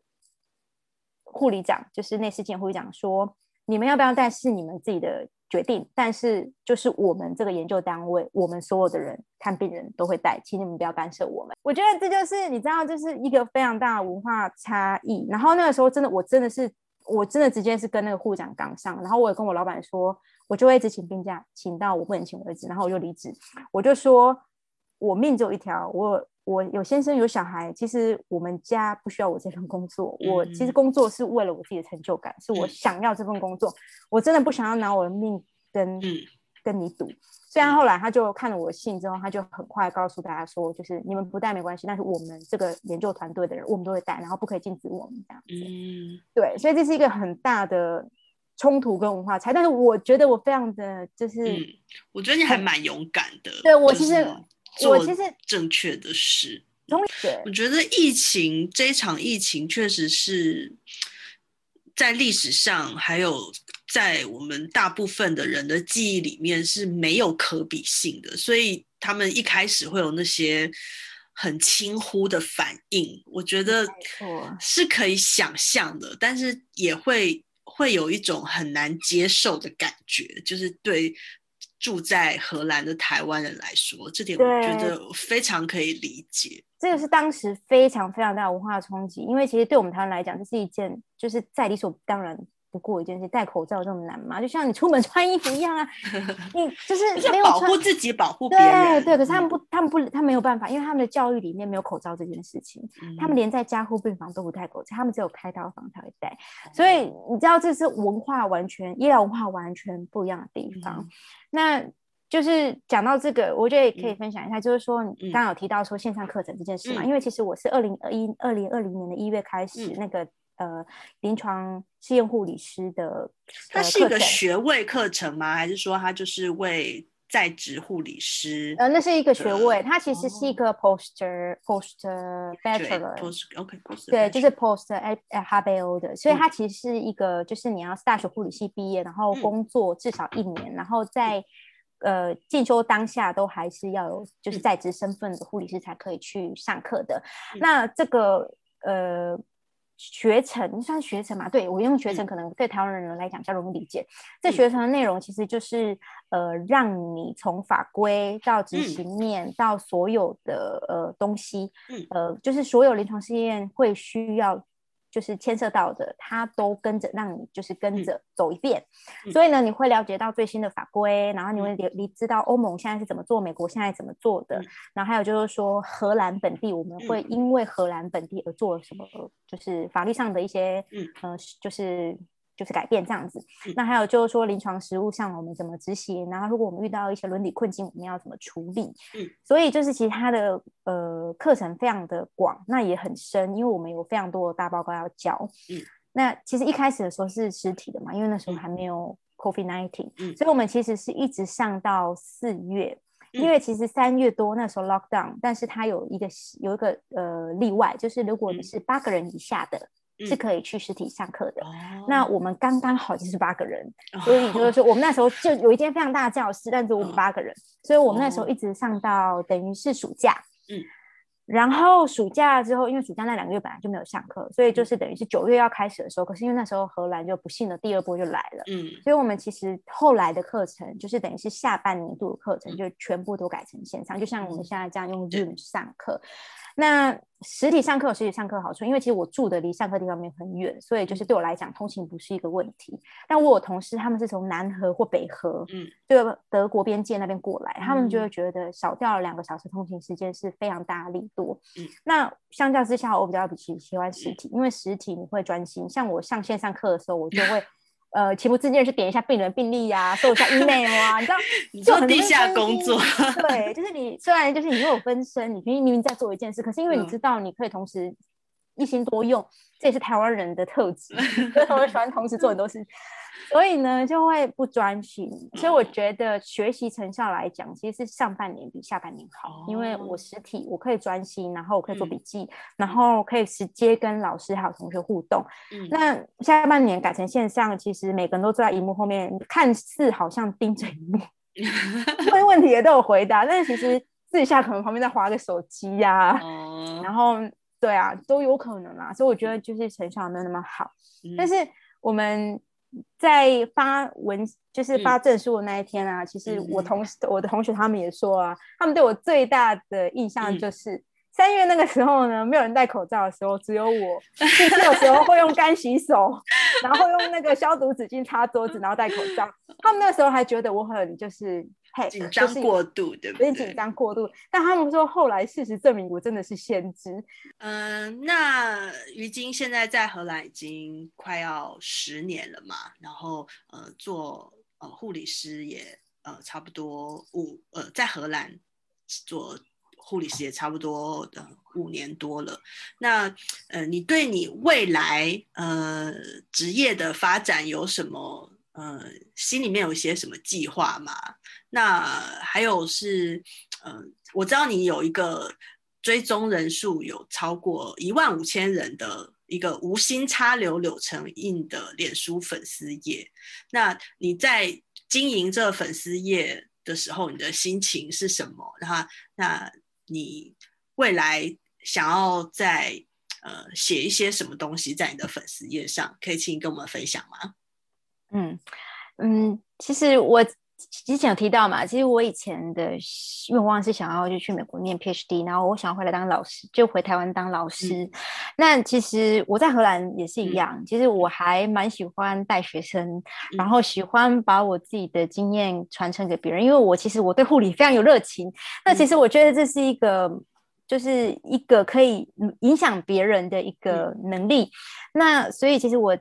S2: 護理長就是那事件。護理長說：“你們要不要帶是你們自己的決定，但是就是我們這個研究單位，我們所有的人看病人都會帶，請你們不要干涉我們。我覺得這就是你知道，這，就是一個非常大的文化差異。然後那個時候真的，我真的是，我真的直接是跟那個護長槓上，然後我也跟我老板說，我就會一直請病假，請到我不能請為止，然後我就離職，我就說我命就一條，我。”我有先生，有小孩。其實我們家不需要我這份工作。嗯、我其實工作是為了我自己的成就感，嗯、是我想要這份工作。嗯、我真的不想要拿我的命跟、嗯、跟你賭。雖然後來他就看了我的信之後，他就很快告訴大家說，就是你們不帶沒關係，但是我們這個研究團隊的人，我們都會帶，然後不可以禁止我們這樣子。嗯，對。所以這是一個很大的衝突跟文化差，但是我覺得我非常的就是、嗯，
S1: 我覺得你還蠻勇敢
S2: 的。對我其實。做
S1: 正確的事，我覺得疫情這場疫情確實是在歷史上，還有在我們大部分的人的記憶裡面是沒有可比性的，所以他們一開始會有那些很輕忽的反應，我覺得是可以想象的，但是也會會有一種很難接受的感覺，就是對。住在荷蘭的台灣人來說，這點我覺得非常可以理解。
S2: 這個是當時非常非常大的文化衝擊，因為其實對我們台灣來講，這是一件就是在理所當然的。不過一件事，戴口罩這麼難嗎？就像你出門穿衣服一樣啊， 你就是沒有穿，就是保護自己，保護別人對對。可是他們、嗯、他們不，他們不，他沒有辦法，因為他們的教育裡面沒有口罩這件事情，嗯、他們連加護病房都不戴口罩，他們只有開刀房才會戴。嗯、所以你知道這是文化完全、醫療文化完全不一樣的地方。嗯、那就是講到這個，我覺得也可以分享一下，嗯、就是說你剛剛有提到說線上課程這件事嘛？嗯、因為其實我是二零二一、二零二零年的一月開始、嗯、那個。呃，臨床試驗護理師的，它是一個
S1: 學位課程嗎？還是說他就是為在職護理師？呃，那是一個學
S2: 位，他、嗯、其實是一個 post、哦、post bachelor 對，就是 post HBO 的。嗯、所以他其實是一個就是你要大學護理系畢業，然後工作至少一年，嗯、然後在呃進修當下都還是要有就是在職身份的護理師才可以去上課的。嗯、那這個呃。學程，你算是學程嘛？對，我用學程可能對台灣人來講比較容易理解。嗯、這學程的內容其實就是，呃，讓你從法規到執行面到所有的呃東西，呃，就是所有臨床試驗會需要。就是牽涉到的，他都跟着讓你就是跟着走一遍，嗯嗯、所以呢，你會了解到最新的法規，然後你會你知道歐盟現在是怎麼做，美國現在怎麼做的，嗯、然後還有就是說荷蘭本地，我們會因為荷蘭本地而做什麼，嗯、就是法律上的一些，嗯、呃，就是。就是改變這樣子，嗯，那還有就是說臨床實務上，我們怎麼執行，然後如果我們遇到一些倫理困境，我們要怎麼處理？嗯，所以就是其他的呃課程非常的廣，那也很深，因為我們有非常多的大報告要交。嗯，那其實一開始的時候是實體的嘛，因為那時候還沒有 COVID nineteen，嗯，所以我們其實是一直上到四月，嗯，因為其實三月多那時候 lockdown，但是它有一個有一個呃例外，就是如果你是八個人以下的，嗯、是可以去實體上課的。嗯、那我們剛剛好就是八個人，哦、所以就是說我們那時候就有一間非常大的教室，嗯、但是我們八個人，嗯、所以我們那時候一直上到等於是暑假，嗯。然後暑假之後，因為暑假那兩個月本來就沒有上課，所以就是等於是九月要開始的時候，嗯、可是因為那時候荷蘭就不幸的第二波就來了，嗯。所以我們其實後來的課程就是等於是下半年度的課程、嗯、就全部都改成線上，就像我們現在這樣用 Zoom 上課。嗯嗯那實體上課有實體上課好處，因為其實我住的離上課地方沒有很遠，所以就是對我來講，通勤不是一個問題。但我有同事，他們是從南荷或北荷，嗯，就德國邊界那邊過來，他們就會覺得少掉了兩個小時通勤時間是非常大的利多。嗯、那相較之下，我比較喜喜歡實體，嗯、因為實體你會專心。像我上線上課的時候，我就會、嗯。呃，情不自禁的去點一下病人病歷呀、啊，搜一下 email 啊， 你知道，做，做地下工作。 對，就是你，雖然就是你又有分身，你可以明明在做一件事，可是因為你知道，你可以同時一心多用，嗯、這也是台灣人的特質，所以我 喜歡同時做很多事。嗯。所以呢，就會不專心。嗯、所以我覺得學習成效來講，其實是上半年比下半年好，哦、因為我實體我可以專心，然後我可以做筆記，嗯、然後可以直接跟老師還有同學互動。嗯、那下半年改成線上，其實每個人都坐在螢幕後面，看似好像盯着螢幕，問、嗯、 問題也都有回答，但是其實私下可能旁邊在滑個手機呀、啊，嗯、然後對啊，都有可能啊。所以我覺得就是成效沒有那麼好，嗯、但是我們。在發文，就是發證書的那一天啊，嗯、其實我同、嗯、我的同學他們也說啊，他們對我最大的印象就是三、嗯、月那個時候呢，沒有人戴口罩的時候，只有我，甚、就是有時候會用乾洗手， 然後用那個消毒紙巾擦桌子，然後戴口罩。他們那時候還覺得我很就是。緊張 Hey, 過度，有對不對？緊張過度，但他們說後來事實證明我真的是先知。嗯、呃，那
S1: 於晶現在在荷蘭已經快要十年了嘛，然後呃做呃護理師也呃差不多五呃在荷蘭做護理師也差不多的、呃、五年多了。那呃你對你未來呃職業的發展有什麼？呃，心裡面有一些什麼計劃嗎？那還有是，呃，我知道你有一個追蹤人數有超過一萬五千人的一個無心插柳柳成蔭的臉書粉絲頁。那你在經營這粉絲頁的時候，你的心情是什麼？然後，那你未來想要在呃寫一些什麼東西在你的粉絲頁上？可以請你跟我們分享嗎？
S2: 嗯嗯，其實我之前有提到嘛，其實我以前的願望是想要就去美國念 PhD，然後我想要回來當老師，就回台灣當老師。嗯、那其實我在荷蘭也是一樣，嗯、其實我還蠻喜歡帶學生，嗯、然後喜歡把我自己的經驗傳承給別人，因為我其實我對護理非常有熱情。那其實我覺得這是一個，嗯、就是一個可以影響別人的一個能力。嗯、那所以其實我。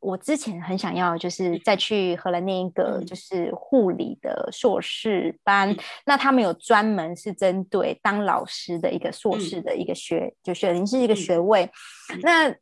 S2: 我之前很想要，就是再去荷蘭念一個，就是護理的碩士班。嗯、那他們有專門是針對當老師的一個碩士的一個學，嗯、就學齡是一個學位。嗯、那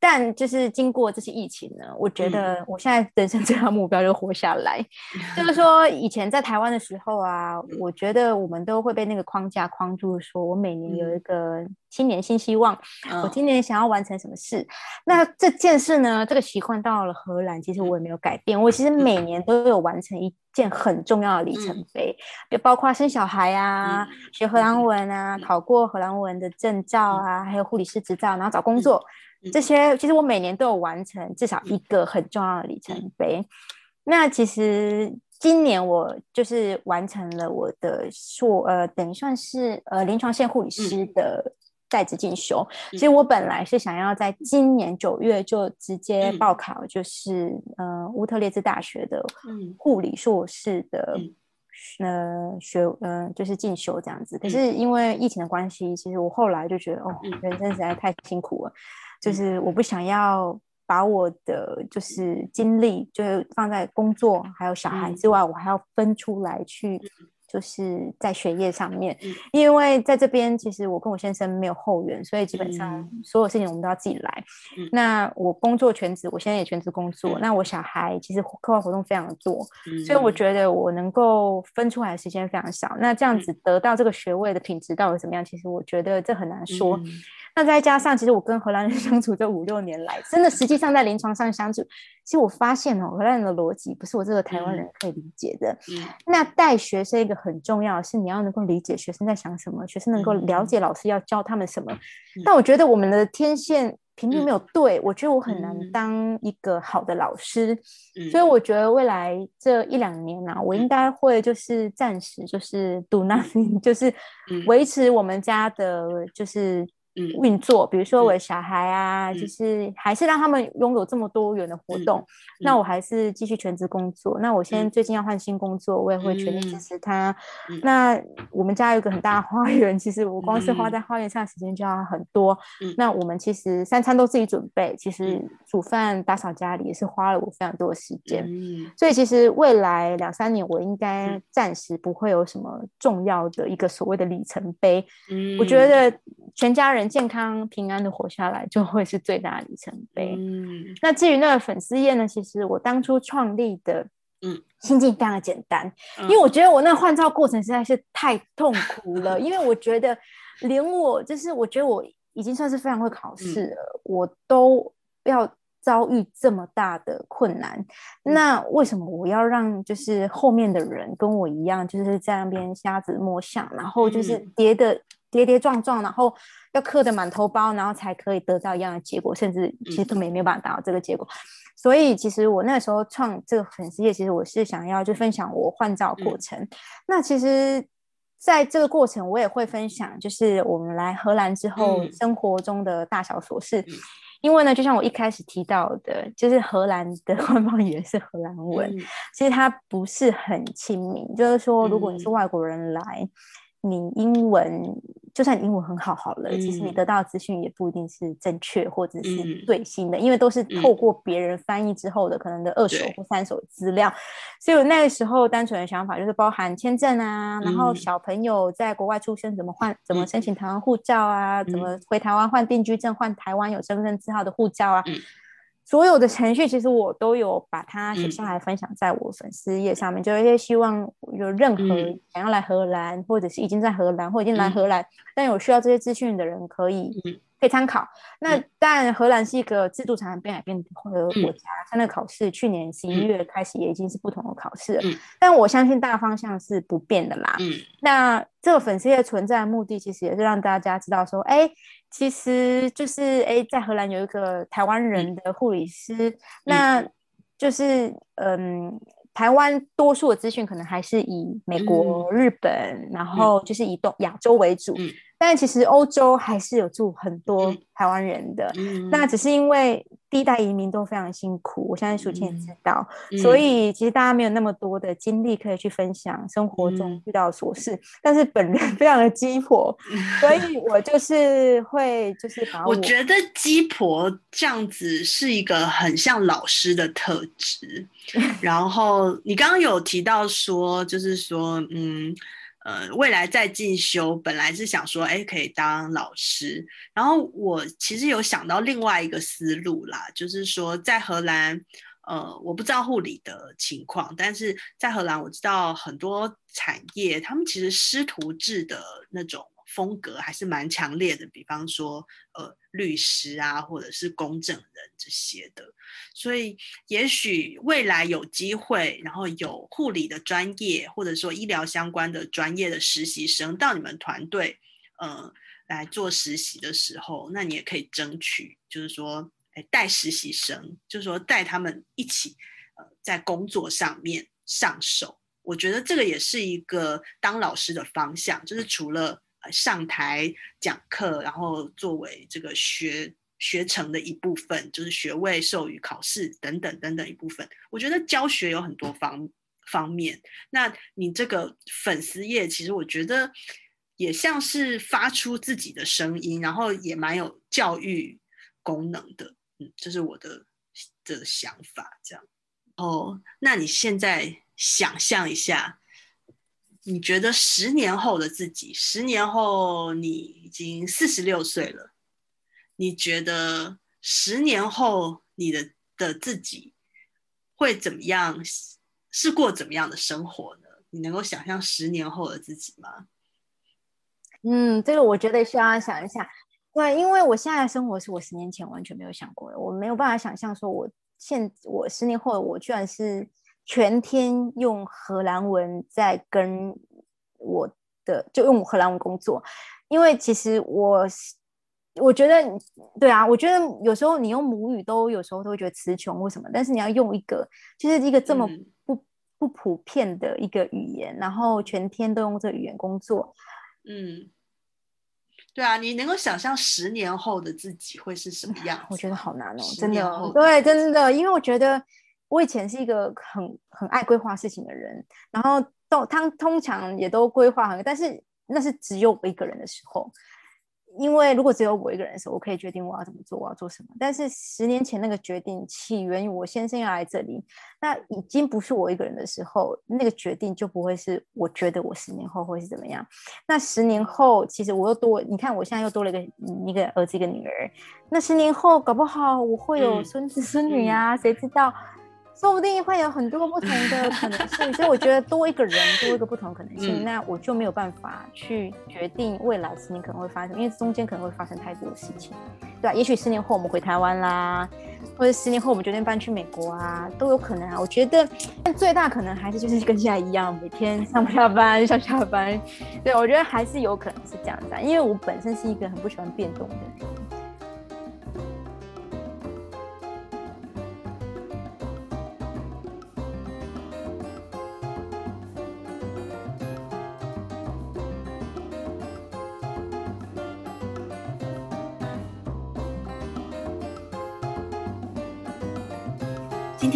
S2: 但就是經過這次疫情呢，我覺得我現在人生最大目標就活下來。嗯、就是說以前在台灣的時候啊，嗯、我覺得我們都會被那個框架框住說，說我每年有一個新年新希望，嗯、我今年想要完成什麼事。嗯、那這件事呢，這個習慣到了荷蘭，其實我也沒有改變。我其實每年都有完成一件很重要的里程碑，就、嗯、包括生小孩啊、嗯、學荷蘭文啊、嗯、考過荷蘭文的證照啊，嗯、還有護理師執照，然後找工作。嗯嗯、這些其實我每年都有完成至少一個很重要的里程碑。嗯嗯、那其實今年我就是完成了我的碩，呃，等於算是呃臨床線護理師的在職進修。其實，嗯嗯、我本來是想要在今年九月就直接報考，就是、嗯、呃烏特列茲大學的護理碩士的、嗯嗯、呃學呃，就是進修這樣子。嗯、可是因為疫情的關係，其實我後來就覺得哦，人生實在太辛苦了。就是我不想要把我的就是精力，就是放在工作還有小孩之外，嗯、我還要分出來去，就是在學業上面。嗯嗯、因為在這邊，其實我跟我先生沒有後援，所以基本上所有事情我們都要自己來。嗯嗯、那我工作全職，我現在也全職工作。嗯、那我小孩其實課外活動非常的多，嗯、所以我覺得我能夠分出來的時間非常少。那這樣子得到這個學位的品質到底怎麼樣？其實我覺得這很難說。嗯嗯那再加上，其實我跟荷蘭人相處這五六年來，真的實際上在臨床上相處，其實我發現哦、喔，荷蘭人的邏輯不是我這個台灣人可以理解的。嗯嗯、那帶學生一個很重要的是，你要能夠理解學生在想什麼，學生能夠了解老師要教他們什麼。嗯嗯、但我覺得我們的天線頻率沒有對，嗯嗯、我覺得我很難當一個好的老師。嗯嗯、所以我覺得未來這一兩年呢、啊，我應該會就是暫時就是 do nothing，就是維持我們家的，就是。運作，比如說我的小孩啊，嗯、就是還是讓他們擁有這麼多元的活動。嗯嗯、那我還是繼續全職工作。那我現在最近要換新工作，我也會全力支持他。嗯嗯嗯、那我們家有個很大的花園，其實我光是花在花園上的時間就要很多。嗯嗯、那我們其實三餐都自己準備，其實煮飯、打掃家裡也是花了我非常多的時間。所以其實未來兩三年，我應該暫時不會有什麼重要的一個所謂的里程碑。我覺得全家人。健康平安的活下來，就會是最大的里程碑。嗯，那至於那個粉絲頁呢？其實我當初創立的，嗯，心境非常的簡單，嗯、因為我覺得我那換照過程實在是太痛苦了。嗯、因為我覺得，連我就是我覺得我已經算是非常會考試了，嗯、我都要遭遇這麼大的困難，嗯、那為什麼我要讓就是後面的人跟我一樣，就是在那邊瞎子摸象，然後就是疊的？跌跌撞撞，然後要磕得滿頭包，然後才可以得到一樣的結果，甚至其實都沒沒有辦法達到這個結果。嗯、所以，其實我那時候創這個粉絲頁，其實我是想要就分享我換照過程。嗯、那其實，在這個過程，我也會分享，就是我們來荷蘭之後生活中的大小瑣事。嗯、因為呢，就像我一開始提到的，就是荷蘭的官方語言是荷蘭文，其實、嗯、它不是很親民，嗯、就是說如果你是外國人來。你英文，就算你英文很好好了，其實你得到的資訊也不一定是正確或者是最新的，因為都是透過別人翻譯之後的可能的二手或三手資料。對所以我那時候單純的想法就是包含簽證啊，嗯、然後小朋友在國外出生怎麼換怎麼申請台灣護照啊，嗯、怎麼回台灣換定居證換台灣有身份證字號的護照啊。嗯所有的程序其實我都有把它寫下來分享在我粉絲頁上面，嗯、就一些希望有任何想要來荷蘭，嗯、或者是已經在荷蘭或者已經來荷蘭，嗯、但有需要這些資訊的人可以、嗯、可以參考。那、嗯、但荷蘭是一個制度常常變來變去的國家，它、嗯、那個考試去年十一月開始也已經是不同的考試，嗯、但我相信大方向是不變的啦。嗯、那這個粉絲頁存在的目的其實也是讓大家知道說，哎。其實就是，哎、欸，在荷蘭有一個台灣人的護理師，嗯、那就是，嗯，台灣多數的資訊可能還是以美國、嗯、日本，然後就是以東亞洲為主。嗯嗯但其實歐洲還是有住很多台灣人的，嗯、那只是因為第一代移民都非常辛苦，我相信舒淇也知道，嗯、所以其實大家沒有那麼多的精力可以去分享生活中遇到的瑣事。嗯、但是本人非常的雞婆，嗯、所以我就是會就是把我，我覺
S1: 得雞婆這樣子是一個很像老師的特質。嗯、然後你剛剛有提到說，就是說嗯。呃，未來再進修，本來是想說，哎，可以當老師。然後我其實有想到另外一個思路啦，就是說在荷蘭，呃，我不知道護理的情況，但是在荷蘭我知道很多產業，他們其實師徒制的那種。風格還是蠻強烈的，比方說呃律師啊，或者是公證人這些的，所以也許未來有機會，然後有護理的專業，或者說醫療相關的專業的實習生到你們團隊，呃來做實習的時候，那你也可以爭取，就是說，哎帶實習生，就是說帶他們一起呃在工作上面上手，我覺得這個也是一個當老師的方向，就是除了上台講課，然後作為這個學學程的一部分，就是學位授予考試等等等等一部分。我覺得教學有很多方方面，那你這個粉絲頁，其實我覺得也像是發出自己的聲音，然後也蠻有教育功能的。嗯，這是我的的想法。這樣哦，oh, 那你現在想象一下。你覺得十年後的自己，十年後你已經四十六歲了，你覺得十年後你的的自己會怎麼樣？是過怎麼樣的生活呢？你能夠想象十年後的自己嗎？嗯，
S2: 這個我覺得需要想一下。對，因為我現在的生活是我十年前完全沒有想過的，我沒有辦法想象說我，我現我十年後我居然是。全天用荷蘭文在跟我的，就用荷蘭文工作，因為其實我我覺得，對啊，我覺得有時候你用母語都有時候都會覺得詞窮或什麼，但是你要用一個，就是一個這麼不、嗯、不普遍的一個語言，然後全天都用這語言工作，嗯，
S1: 對啊，你能夠想象十年後的自己會是什麼樣？
S2: 我覺得好難哦，真的，對，真的，因為我覺得。我以前是一個很很愛規劃事情的人，然後都他通常也都規劃很。但是那是只有我一個人的時候。因為如果只有我一個人的時候，我可以決定我要怎麼做，我要做什麼。但是十年前那個決定起源於我先生要來這裡，那已經不是我一個人的時候，那個決定就不會是我覺得我十年後會是怎麼樣。那十年後，其實我又多，你看我現在又多了一個一個兒子一個女兒，那十年後搞不好我會有孫子孫女呀，嗯，誰知道？說不定會有很多不同的可能性， 所以我覺得多一個人，多一個不同的可能性， 那我就沒有辦法去決定未來十年可能會發生，因為中間可能會發生太多的事情，對吧，啊？也許十年後我們回台灣啦，或者十年後我們決定搬去美國啊，都有可能啊。我覺得最大可能還是就是跟現在一樣，每天上下班上下班。對，我覺得還是有可能是這樣子，啊，因為我本身是一個很不喜歡變動的人。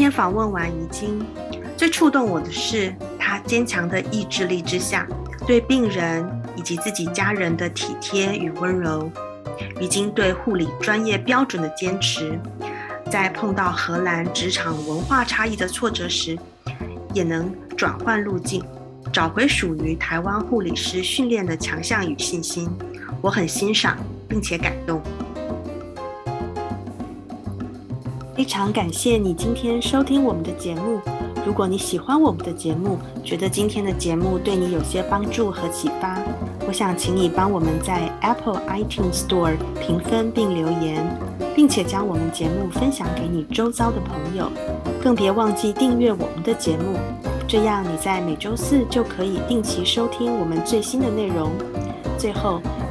S1: 先訪問完，已經，最觸動我的是她堅強的意志力之下，對病人以及自己家人的體貼與溫柔，以及對護理專業標準的堅持，在碰到荷蘭職場文化差異的挫折時，也能轉換路徑，找回屬於台灣護理師訓練的強項與信心。我很欣賞並且感動。非常感謝你今天收聽我們的節目。如果你喜歡我們的節目，覺得今天的節目對你有些幫助和啟發，我想請你幫我們在 Apple iTunes Store 評分並留言，並且將我們節目分享給你周遭的朋友。更別忘記訂閱我們的節目，這樣你在每周四就可以定期收聽我們最新的內容。最後，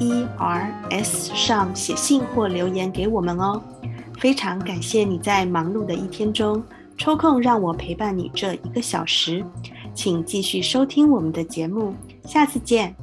S1: E R S 上寫信或留言給我們哦，非常感謝你在忙碌的一天中，抽空讓我陪伴你這一個小時，請繼續收聽我們的節目，下次見。